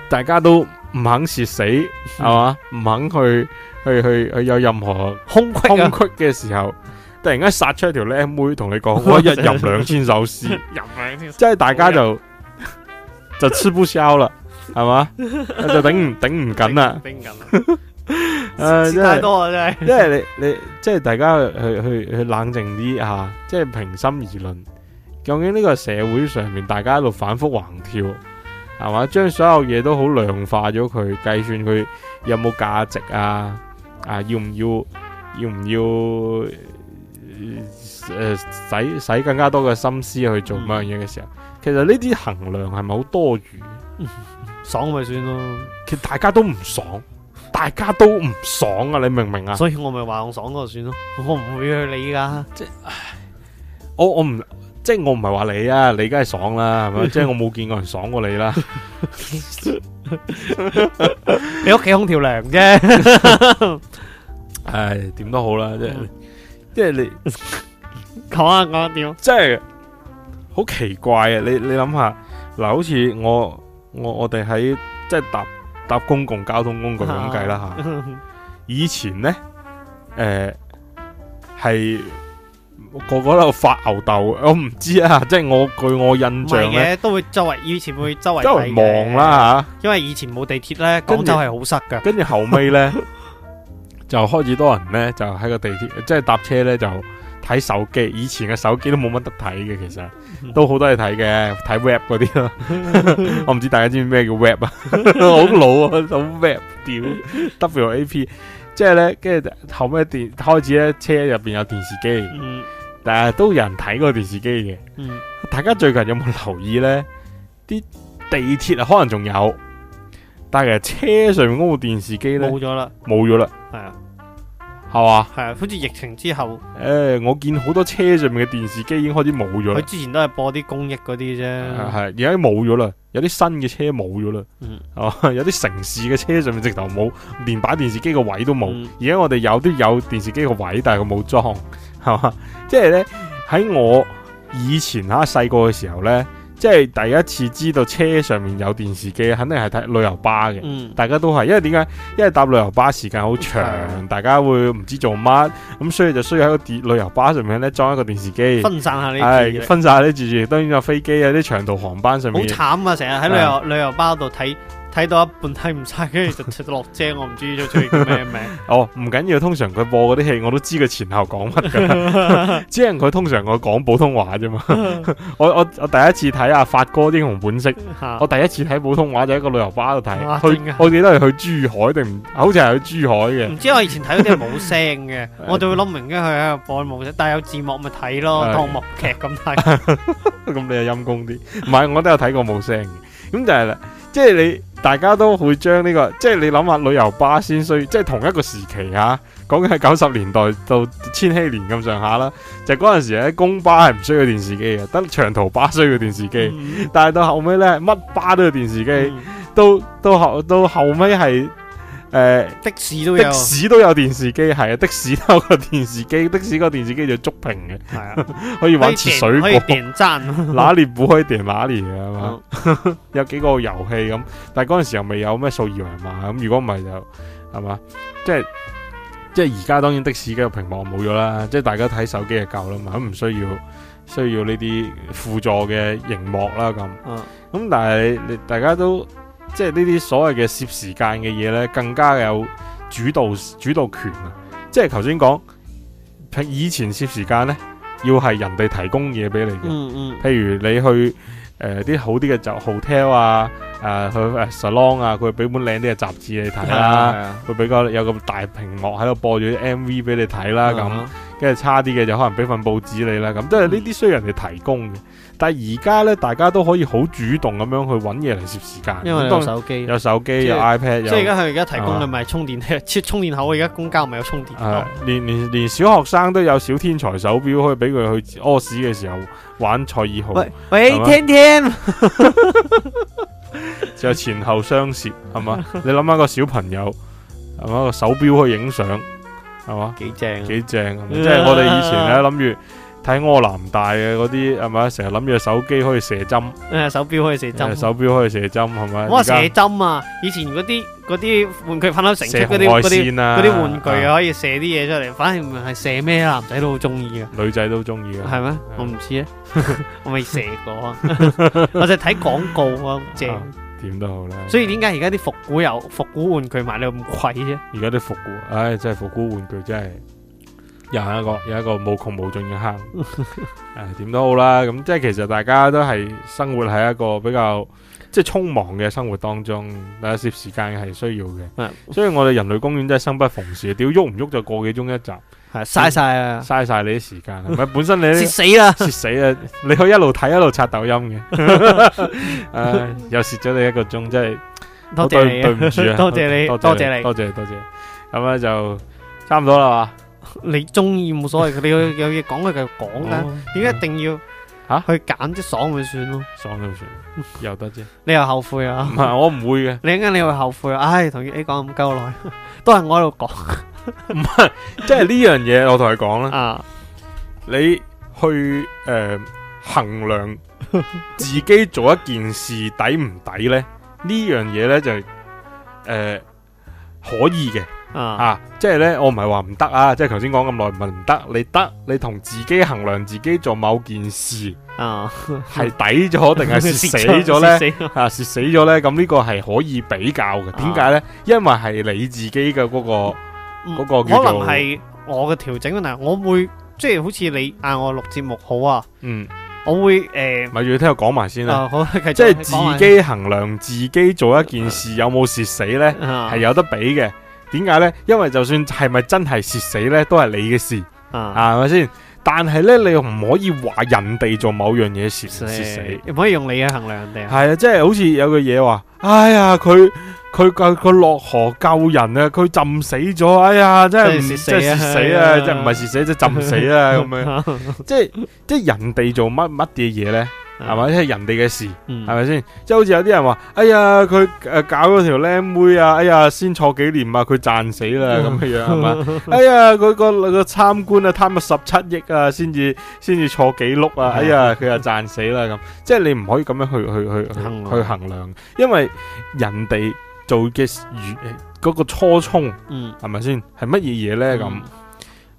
大家都唔肯蝕死，係嘛？唔肯去。去去去有任何空隙嘅時候，啊、突然間殺出一條靚妹同你講：我 一日入兩千壽司，入兩千，即係大家就 就吃不消啦，係嘛？ 就頂唔頂唔緊啦，頂唔緊啦！錢太多啦，真係。即係你你即係大家去去去，去冷靜啲吓，即係平心而論，究竟呢個社會上面大家一路反復橫跳，係嘛？將所有嘢都好量化咗佢，計算佢有冇價值啊？啊，要唔要？要唔要？誒，使使更加多嘅心思去做乜嘢嘅時候，其實呢啲衡量係咪好多餘？爽咪算咯，其實大家都唔爽，大家都唔爽啊！你明唔明啊？所以我咪話我爽我就算咯，我唔會去理噶。即係，我我唔，即係我唔係話你啊，你梗係爽啦，係咪？即係我冇見過人爽過你啦。你屋企空調涼啫。唉，點都好啦，即係即係你講下講下點，即係好奇怪啊！你你諗下嗱，好似我我我哋喺即係搭搭公共交通工具咁計啦吓，啊、以前咧誒係個個喺度發吽哣。我唔知啊，即係我據我印象咧都會周圍以前會周圍都望啦吓，啊、因為以前冇地鐵咧，廣州係好塞噶，跟住後尾咧。 就開始多人咧，就喺個地鐵，即係搭車咧就睇手機。以前嘅手機都冇乜得睇嘅，其實都好多嘢睇嘅，睇 web 嗰啲咯。 我唔知大家知唔知咩叫 web 啊？好 老啊，好 web 屌，W A P。即係咧，跟住後尾電開始咧，車入邊有電視機，嗯、但係都有人睇過電視機嘅。嗯、大家最近有冇留意咧？啲地鐵啊，可能仲有。但係車上面嗰部電視機呢，冇咗啦，冇咗啦，係啊，係嘛，係啊，好似疫情之後，誒，我見好多車上面嘅電視機已經開始冇咗啦。佢之前都係播啲公益嗰啲啫，係而家冇咗啦，有啲新嘅車冇咗啦，有啲城市嘅車上面直頭冇，連擺電視機個位都冇。而家、嗯、我哋有啲有電視機個位，但係佢冇裝，係嘛？即係呢，喺我以前吓細個嘅時候呢。即係第一次知道車上面有電視機，肯定係睇旅遊巴嘅，嗯、大家都係，因為點解？因為搭旅遊巴時間好長，嗯、大家會唔知做乜，咁所以就需要喺個電旅遊巴上面咧裝一個電視機，分散下呢啲、哎，分散啲住住。你當然有飛機啊，啲長途航班上面好慘啊，成日喺旅遊的旅遊巴度睇。睇到一半睇唔晒，跟住就跌落車，我唔知佢中意叫咩名。哦，唔緊要，通常佢播嗰啲戲，我都知佢前後講乜嘅。只係佢通常我講普通話啫嘛。我我我第一次睇啊，發哥英雄本色。我第一次睇普通話就喺個旅遊巴度睇。我記得係去珠海定唔好似係去珠海嘅。唔知我以前睇嗰啲係冇聲嘅，我就會諗唔明，跟住喺度播冇聲，但係有字幕咪睇咯，當木劇咁睇。咁你又陰功啲，唔係我都有睇過冇聲嘅。咁就係啦，即係你。大家都會將呢、這個，即係你諗下，旅遊巴先需，即係同一個時期嚇，講緊係九十年代到千禧年咁上下啦。就嗰、是、陣時公巴係唔需要電視機嘅，得長途巴需要電視機。但係到後尾呢，乜巴都要電視機，都到，到後到後尾係。誒，欸、的士都有，的士都有電視機，係啊，的士都有個電視機，的士個電視機就觸屏嘅，係啊的， 可以玩切水果， 可以掟針，拉鏈布可以嘛，嗯、 有幾個遊戲咁，但係嗰陣時又未有咩掃二維碼，咁如果唔係就係嘛，即係即係而家當然的士機個屏幕冇咗啦，即係大家睇手機就夠啦嘛，唔需要需要呢啲輔助嘅熒幕啦咁，咁、嗯、但係你大家都。即係呢啲所謂嘅攝時間嘅嘢咧，更加有主導主導權啊！即係頭先講，以前攝時間咧，要係人哋提供嘢俾你嘅、嗯，嗯嗯，譬如你去誒啲、呃、好啲嘅就 hotel 啊，誒、呃、去誒 salon 啊，佢俾本靚啲嘅雜誌你睇啦，佢比較有個大屏幕喺度播咗啲 MV 俾你睇啦，咁跟住差啲嘅就可能俾份報紙你啦，咁即係呢啲需要人哋提供嘅。但係而家咧，大家都可以好主動咁樣去揾嘢嚟攝時間，因為多手機、有手機、有 iPad。即係而家佢而家提供，唔係充電器、充充電口。而家公交咪有充電。連連連小學生都有小天才手表可以俾佢去屙屎嘅時候玩賽爾號。喂喂，聽聽，就前後雙攝係嘛？你諗下個小朋友，係嘛個手表去影相係嘛？幾正幾正，即係我哋以前咧諗住。睇柯南大嘅嗰啲係咪啊？成日諗住個手機可以射針，誒，手表可以射針，手表可以射針係咪？我話射針啊！以前嗰啲嗰啲玩具翻到成績嗰啲嗰啲玩具啊，可以射啲嘢出嚟。反正係射咩，男仔都好中意嘅，女仔都中意嘅，係咩？我唔知啊，我未射過，我就睇廣告啊，正點都好啦。所以點解而家啲復古又復古玩具買到咁貴啫？而家啲復古，唉，真係復古玩具真係。又有一個有一個無窮無盡嘅坑，誒、哎，點都好啦。咁即係其實大家都係生活喺一個比較即係匆忙嘅生活當中，嗱，蝕時間係需要嘅。所以我哋人類公園真係生不逢時，屌喐唔喐就個幾鐘一集，係嘥晒啊，嘥晒你啲時間，咪本身你蝕、這個、死啦，蝕死啊！你可以一路睇一路刷抖音嘅、 哎，又蝕咗你一個鐘，真係多謝你，對唔住啊，多謝你，多謝你，多謝多謝，咁咧就差唔多啦嘛。你中意冇所謂，佢你有嘢講，佢繼續講啦，點解、哦、一定要吓去揀啲爽咪算咯？啊、就爽就算，爽就算，又得啫。 你又後悔啊？唔係，我唔會嘅。你一陣你會後悔啊？唉，同 A 講咁鳩耐，都係我喺度講。唔 係，即係呢樣嘢，我同你講啦。啊，你去誒、呃、衡量自己做一件事抵唔抵咧？ 這樣呢樣嘢咧就誒、是呃、可以嘅。Uh, 啊，即係咧，我唔係話唔得啊！即係頭先講咁耐唔係唔得，你得你同自己衡量自己做某件事啊，係、uh, 抵咗定係蝕死咗咧？啊， 蝕死咗咧？咁呢個係可以比較嘅，點解咧？因為係你自己嘅嗰個嗰個，嗯、個可能係我嘅調整嗱，但我會即係、就是、好似你嗌我錄節目好啊，嗯，我會誒，咪、呃、要聽我講埋先啦，uh, 好，即係自己衡量自己做一件事有冇蝕死咧，係、uh, uh, 有得比嘅。點解咧？因為就算係咪真係蝕死咧，都係你嘅事，係咪先？但係咧，你又唔可以話人哋做某樣嘢蝕蝕死，唔可以用你嘅、啊、衡量人哋、啊。係啊，即係好似有句嘢話，哎呀，佢佢佢落河救人啊，佢浸死咗，哎呀，真係蝕死啊，即係唔係蝕死，即係浸死啊，咁樣，即係即係人哋做乜乜嘢嘢咧？係咪？即係、就是、人哋嘅事，係咪先？即、就、係、是、好似有啲人話，哎呀，佢誒搞嗰條僆妹啊，哎呀，先坐幾年啊，佢賺死啦，咁嘅樣，係嘛？哎呀，佢、嗰個、嗰個貪官啊，貪咗十七億啊，先至先至坐幾碌啊，嗯、哎呀，佢又賺死啦咁。咁嗯、即係你唔可以咁樣去去去去，嗯、去衡量，因為人哋做嘅嗰個初衷，嗯，係咪先？係乜嘢嘢咧？咁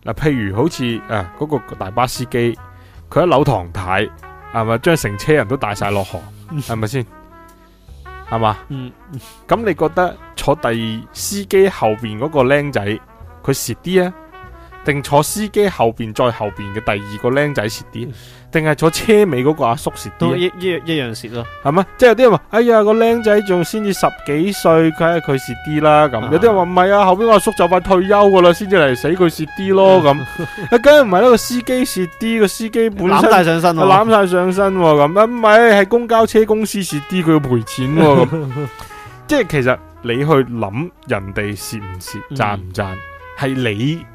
嗱，譬如好似誒嗰個大巴司機，佢喺樓堂太。係咪將成車人都帶晒落河？係咪先？係嘛？咁你覺得坐第二司機後邊嗰個僆仔佢蝕啲啊？定坐司機後邊再後邊嘅第二個僆仔蝕啲？ 定係坐車尾嗰個阿叔蝕，都一一一樣蝕咯，係咪？即係有啲人話：哎呀，個僆仔仲先至十幾歲，梗係佢蝕啲啦。咁、啊、有啲人話唔係啊，後邊個阿叔,叔就快退休噶啦，先至嚟死佢蝕啲咯。咁梗係唔係呢個司機蝕啲，個司機本身攬晒上身、啊，攬晒上身咁、啊，唔係係公交車公司蝕啲，佢要賠錢。即係其實你去諗人哋蝕唔蝕，賺唔賺，係你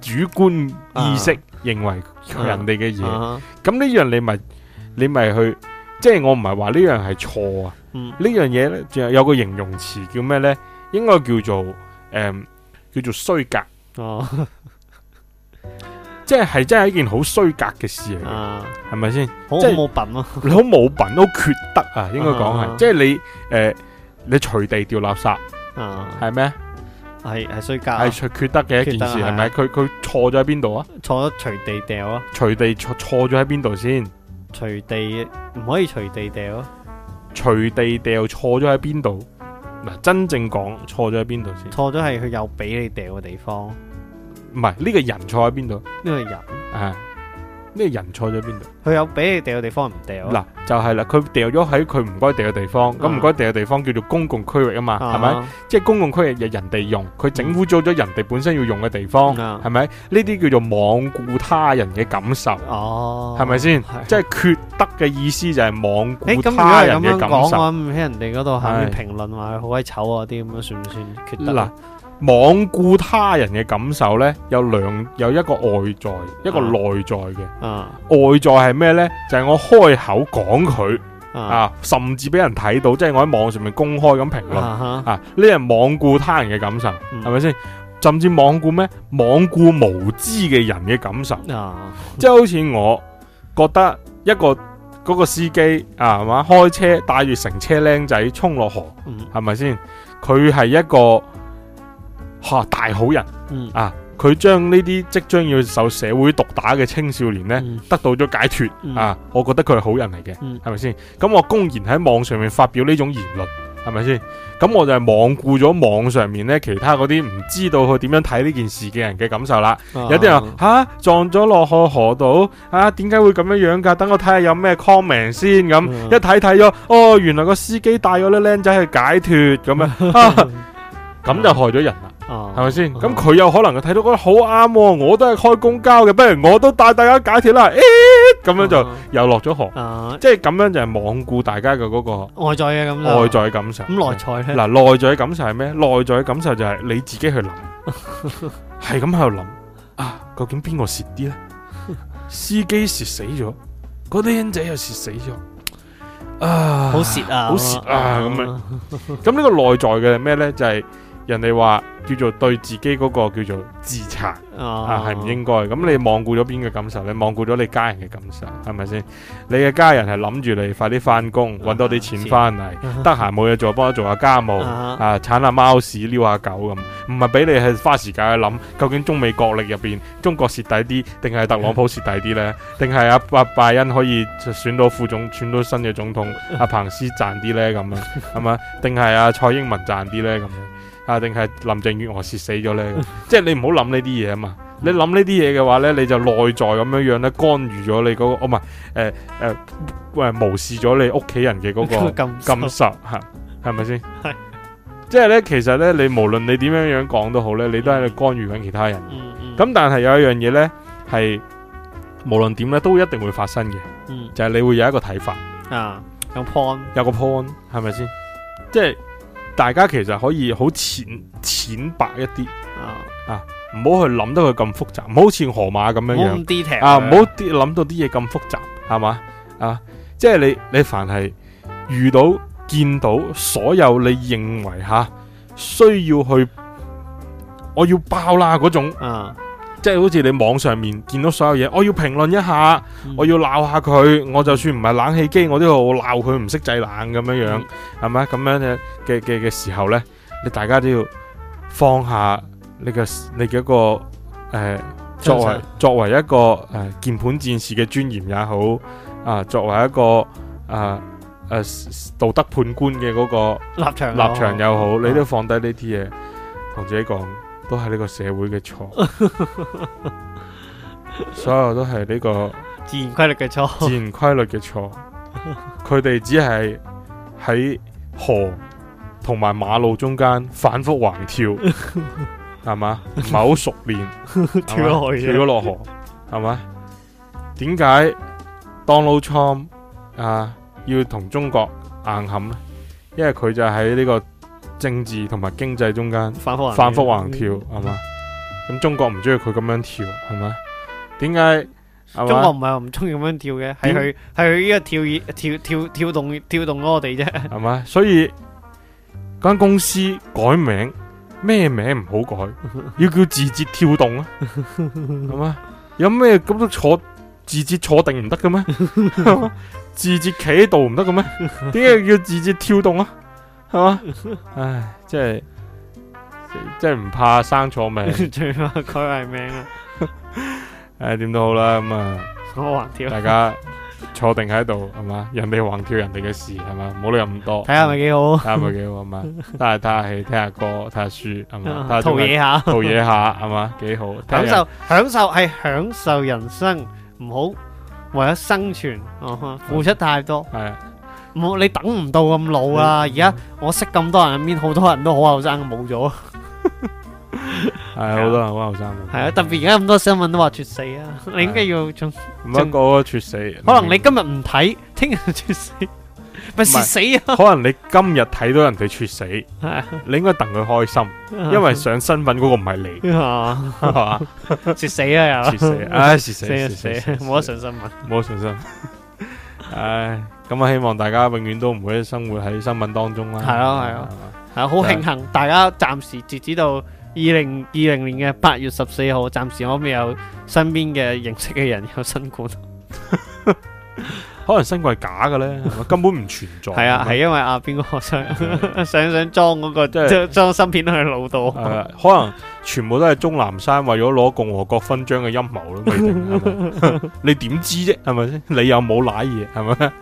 主觀意識。啊認為人哋嘅嘢，咁呢、uh, uh huh. 樣你咪你咪去，即係我唔係話呢樣係錯啊，嗯、樣呢樣嘢咧，仲有有個形容詞叫咩咧？應該叫做誒、嗯，叫做衰格哦，uh. 即係係真係一件好衰格嘅事嚟嘅，係咪先？很即係冇品啊，你好冇品，好缺德啊，應該講係，uh huh. 即係你誒、呃，你隨地掉垃圾，係咩、uh？Huh. 是係係衰格，係缺德嘅一件事，係咪得？佢佢錯咗喺邊度啊？錯咗隨地掉啊？隨地錯錯咗喺邊度先？隨地唔可以隨地掉啊？隨地掉錯咗喺邊度？嗱，真正講錯咗喺邊度先？錯咗係佢有俾你掉嘅地方，唔係呢個人錯喺邊度？呢個人啊。嗯咩人錯咗邊度？佢有俾你掉嘅地方唔掉？嗱，就係啦，佢掉咗喺佢唔該掉嘅地方，咁唔該掉嘅地方叫做公共區域啊嘛，係咪？即係公共區域人哋用，佢整污糟咗人哋本身要用嘅地方，係咪？呢啲叫做罔顧他人嘅感受，哦，係咪先？即係缺德嘅意思就係罔顧他人嘅感受。咁係咁樣講，喺人哋嗰度下面評論話佢好鬼醜啊，啲咁樣算唔算缺德？罔顧他人嘅感受呢，有兩有一個外在，一個內在嘅啊。啊外在係咩呢？就係、是、我開口講佢啊，甚至俾人睇到，即係我喺網上面公開咁評論啊。呢人罔顧他人嘅感受，係咪先？甚至罔顧咩？罔顧無知嘅人嘅感受啊。即係好似我覺得一個嗰、那個司機啊，係嘛，開車帶住成車僆仔衝落河，係咪先？佢係一個。吓大好人，啊！佢將呢啲即將要受社會毒打嘅青少年咧，得到咗解脫，啊！我覺得佢係好人嚟嘅，係咪先？咁我公然喺網上面發表呢種言論，係咪先？咁我就係罔顧咗網上面呢其他嗰啲唔知道佢點樣睇呢件事嘅人嘅感受啦。有啲人吓撞咗落去河度，啊，點解會咁樣樣噶？等我睇下有咩 comment 先咁。一睇睇咗，哦，原來個司機帶咗啲靚仔去解脫咁樣，咁就害咗人啦。係咪先？咁佢有可能佢睇到覺得好啱喎，我都係開公交嘅，不如我都帶大家解決啦。誒，咁樣就又落咗河，即係咁樣就係罔顧大家嘅嗰個外在嘅感受，外在嘅感受。咁內在咧嗱，內在嘅感受係咩？內在嘅感受就係你自己去諗，係咁喺度諗啊，究竟邊個蝕啲咧？司機蝕死咗，嗰啲人仔又蝕死咗啊！好蝕啊，好蝕啊咁樣。咁呢個內在嘅咩咧？就係。人哋話叫做對自己嗰個叫做自殘、oh. 啊，係唔應該咁？你罔顧咗邊個感受？你罔顧咗你家人嘅感受係咪先？你嘅家人係諗住你快啲翻工揾多啲錢翻嚟，得閒冇嘢做幫我做下家務、uh huh. 啊，鏟下貓屎、撩下狗咁，唔係俾你係花時間去諗究竟中美角力入邊，中國蝕底啲定係特朗普蝕底啲呢？定係阿拜拜登可以選到副總選到新嘅總統阿、uh huh. 啊、彭斯賺啲呢？咁 啊？係咪？定係阿蔡英文賺啲咧咁？啊，定係林鄭月娥死呢 蝕死咗咧？即係你唔好諗呢啲嘢啊嘛！你諗呢啲嘢嘅話咧，你就內在咁樣樣咧，干預咗你嗰、嗰個，唔係誒誒，喂，無視咗你屋企人嘅嗰個感受吓，係咪先？係是即係咧，其實咧，你無論你點樣樣講都好咧，你都係干預緊其他人。嗯咁、嗯、但係有一呢樣嘢咧，係無論點咧，都一定會發生嘅。嗯、就係你會有一個睇法啊，有,有個 point，有個 point，係咪先？即係。.大家其實可以好淺淺白一啲啊，啊，啊，啊，啊，唔好去諗得佢咁複雜，唔好似河馬咁樣樣啊，唔好諗到啲嘢咁複雜，係嘛啊？即係你你凡係遇到見到所有你認為嚇、啊、需要去，我要爆啦嗰種啊。即係好似你網上面見到所有嘢，我要評論一下，嗯、我要鬧下佢，我就算唔係冷氣機，我都要鬧佢唔識製冷咁樣、嗯、咁樣樣，係咪？咁樣嘅嘅嘅時候呢，你大家都要放下你嘅你嘅一個誒、呃，作為作為一個誒鍵盤戰士嘅尊嚴也好，啊，作為一個啊誒、呃呃呃呃、道德判官嘅嗰、嗰個立場也立場又好，你都放低呢啲嘢同自己講。都係呢個社會嘅錯，所有都係呢個自然規律嘅錯，自然規律嘅錯。佢哋只係喺河同埋馬路中間反覆橫跳，係嘛？唔係好熟練，跳咗河，跳咗落河，係嘛？點解 Donald Trump 啊要同中國硬撼咧？因為佢就喺呢個。政治同埋經濟中間反復橫跳，反復橫跳係嘛？咁吧中國唔中意佢咁樣跳係嘛？點解？中國唔係唔中意咁樣跳嘅，係佢係佢呢個跳跳跳跳動跳動我哋啫。係嘛？所以嗰間公司改名咩名唔好改，要叫字節跳動啊？係嘛 有咩咁都坐字節坐定唔得嘅咩？字節企喺度唔得嘅咩？點解叫字節跳動啊？係嘛？唉，即係即係唔怕生錯命，最怕改壞命啊！誒，點都好啦，咁啊，大家坐定喺度係嘛，人哋橫跳人哋嘅事係嘛，冇理咁多。睇下咪幾好，睇下咪幾好係嘛，睇下睇下戲，聽下歌，睇下書係嘛，陶冶下，陶冶下係嘛，幾好。享受，享受係享受人生，唔好為咗生存，付出太多。係。你等唔到咁老啊！而家我識咁多人入面，好多人都好後生，冇咗。係啊，好多人都後生。係啊，特別而家咁多新聞都話猝死啊！你應該要從整個猝死。可能你今日唔睇，聽日猝死，咪蝕死咯。可能你今日睇到人哋猝死，你應該戥佢開心，因為上新聞嗰個唔係你，係嘛？蝕死啊！又蝕死，唉，蝕死，蝕死，冇得上新聞，冇得上新聞。唉，咁啊，希望大家永遠都唔會生活喺新聞當中啦。係咯、啊，係咯、啊，係好慶幸、就是、大家暫時截止到二零二零年嘅八月十四號，暫時我未有身邊嘅認識嘅人有新冠。 可能新冠係假嘅咧，根本唔存在。係 啊，係因為阿、啊、邊個學生，啊、想想裝嗰、嗰個即係裝芯片去腦度、啊。啊、 可能全部都係鍾南山為咗攞共和國勳章嘅陰謀咯。你點知啫？係咪先？你又冇瀨嘢，係咪？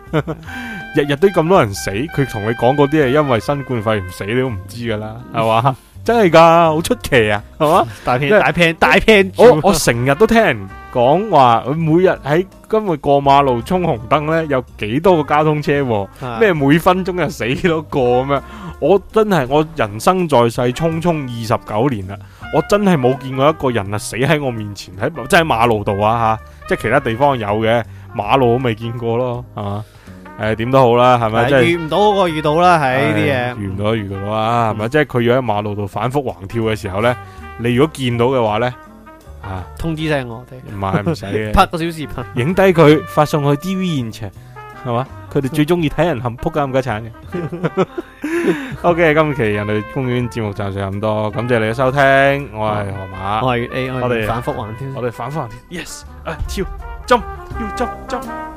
日日都咁多人死，佢同你講嗰啲係因為新冠肺唔死你都唔知噶啦，係嘛？ 真係噶，好出奇啊，係嘛？大片，大片，大片！我我成日都聽人講話，佢每日喺今日過馬路衝紅燈呢，有幾多個交通車禍？咩每分鐘又死幾多個咁樣？我真係，我人生在世匆匆二十九年啦，我真係冇見過一個人啊死喺我面前喺即係喺馬路度啊吓，即係其他地方有嘅馬路我未見過咯，係嘛？誒，點都好啦，係咪？遇唔到嗰個遇到啦，係呢啲嘢。遇唔到，遇到啊，係咪？即係佢要喺馬路度反覆橫跳嘅時候咧，你如果見到嘅話咧，啊，通知聲我哋。唔係唔使嘅，拍個小視頻，影低佢，發送去 D V 現場，係嘛？佢哋最中意睇人含撲噶，咁鬼慘。O K，今期人類公園節目暫時咁多，感謝你嘅收聽，我係河馬，我係 A I，我哋反覆橫跳，我哋反覆橫跳，Yes，啊，跳 j 要 m p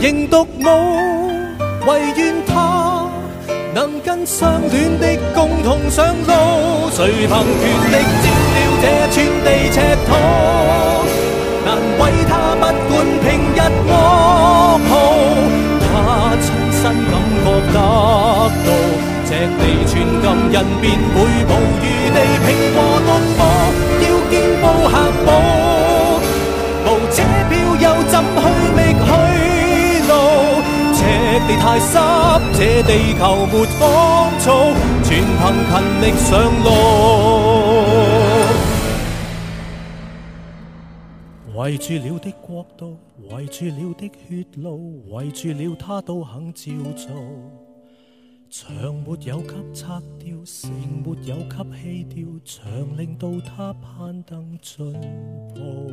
仍獨舞，唯願他能跟相戀的共同上路。誰憑權力佔了這寸地尺土？難為他不管平日惡耗，他親身感覺得到，這地寸金，人便會無餘地。濕，這地球沒芳草，全憑勤力上路。圍住了的國度，圍住了的血路，圍住了他都肯照做。牆沒有給拆掉，城沒有給棄掉，牆令到他攀登進步。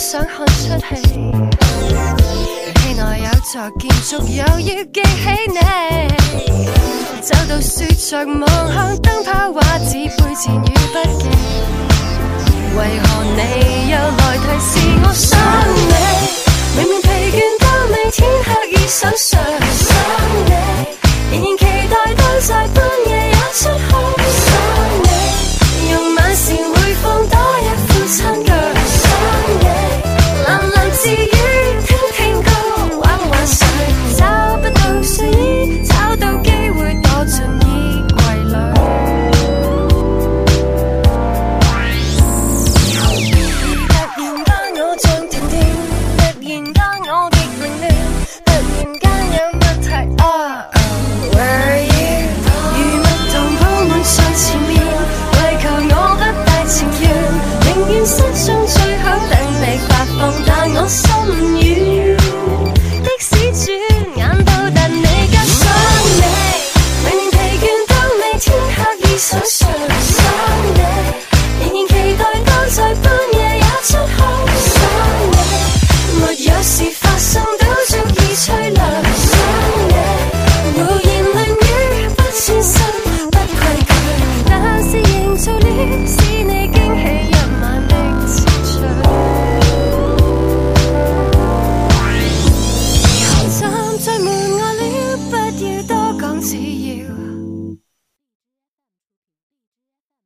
想看出戲，戲內有座建築，又要記起你。走到雪着望向燈泡、畫紙、背前與筆記，為何你又來提示我想你？明明疲倦，都未天黑已想睡。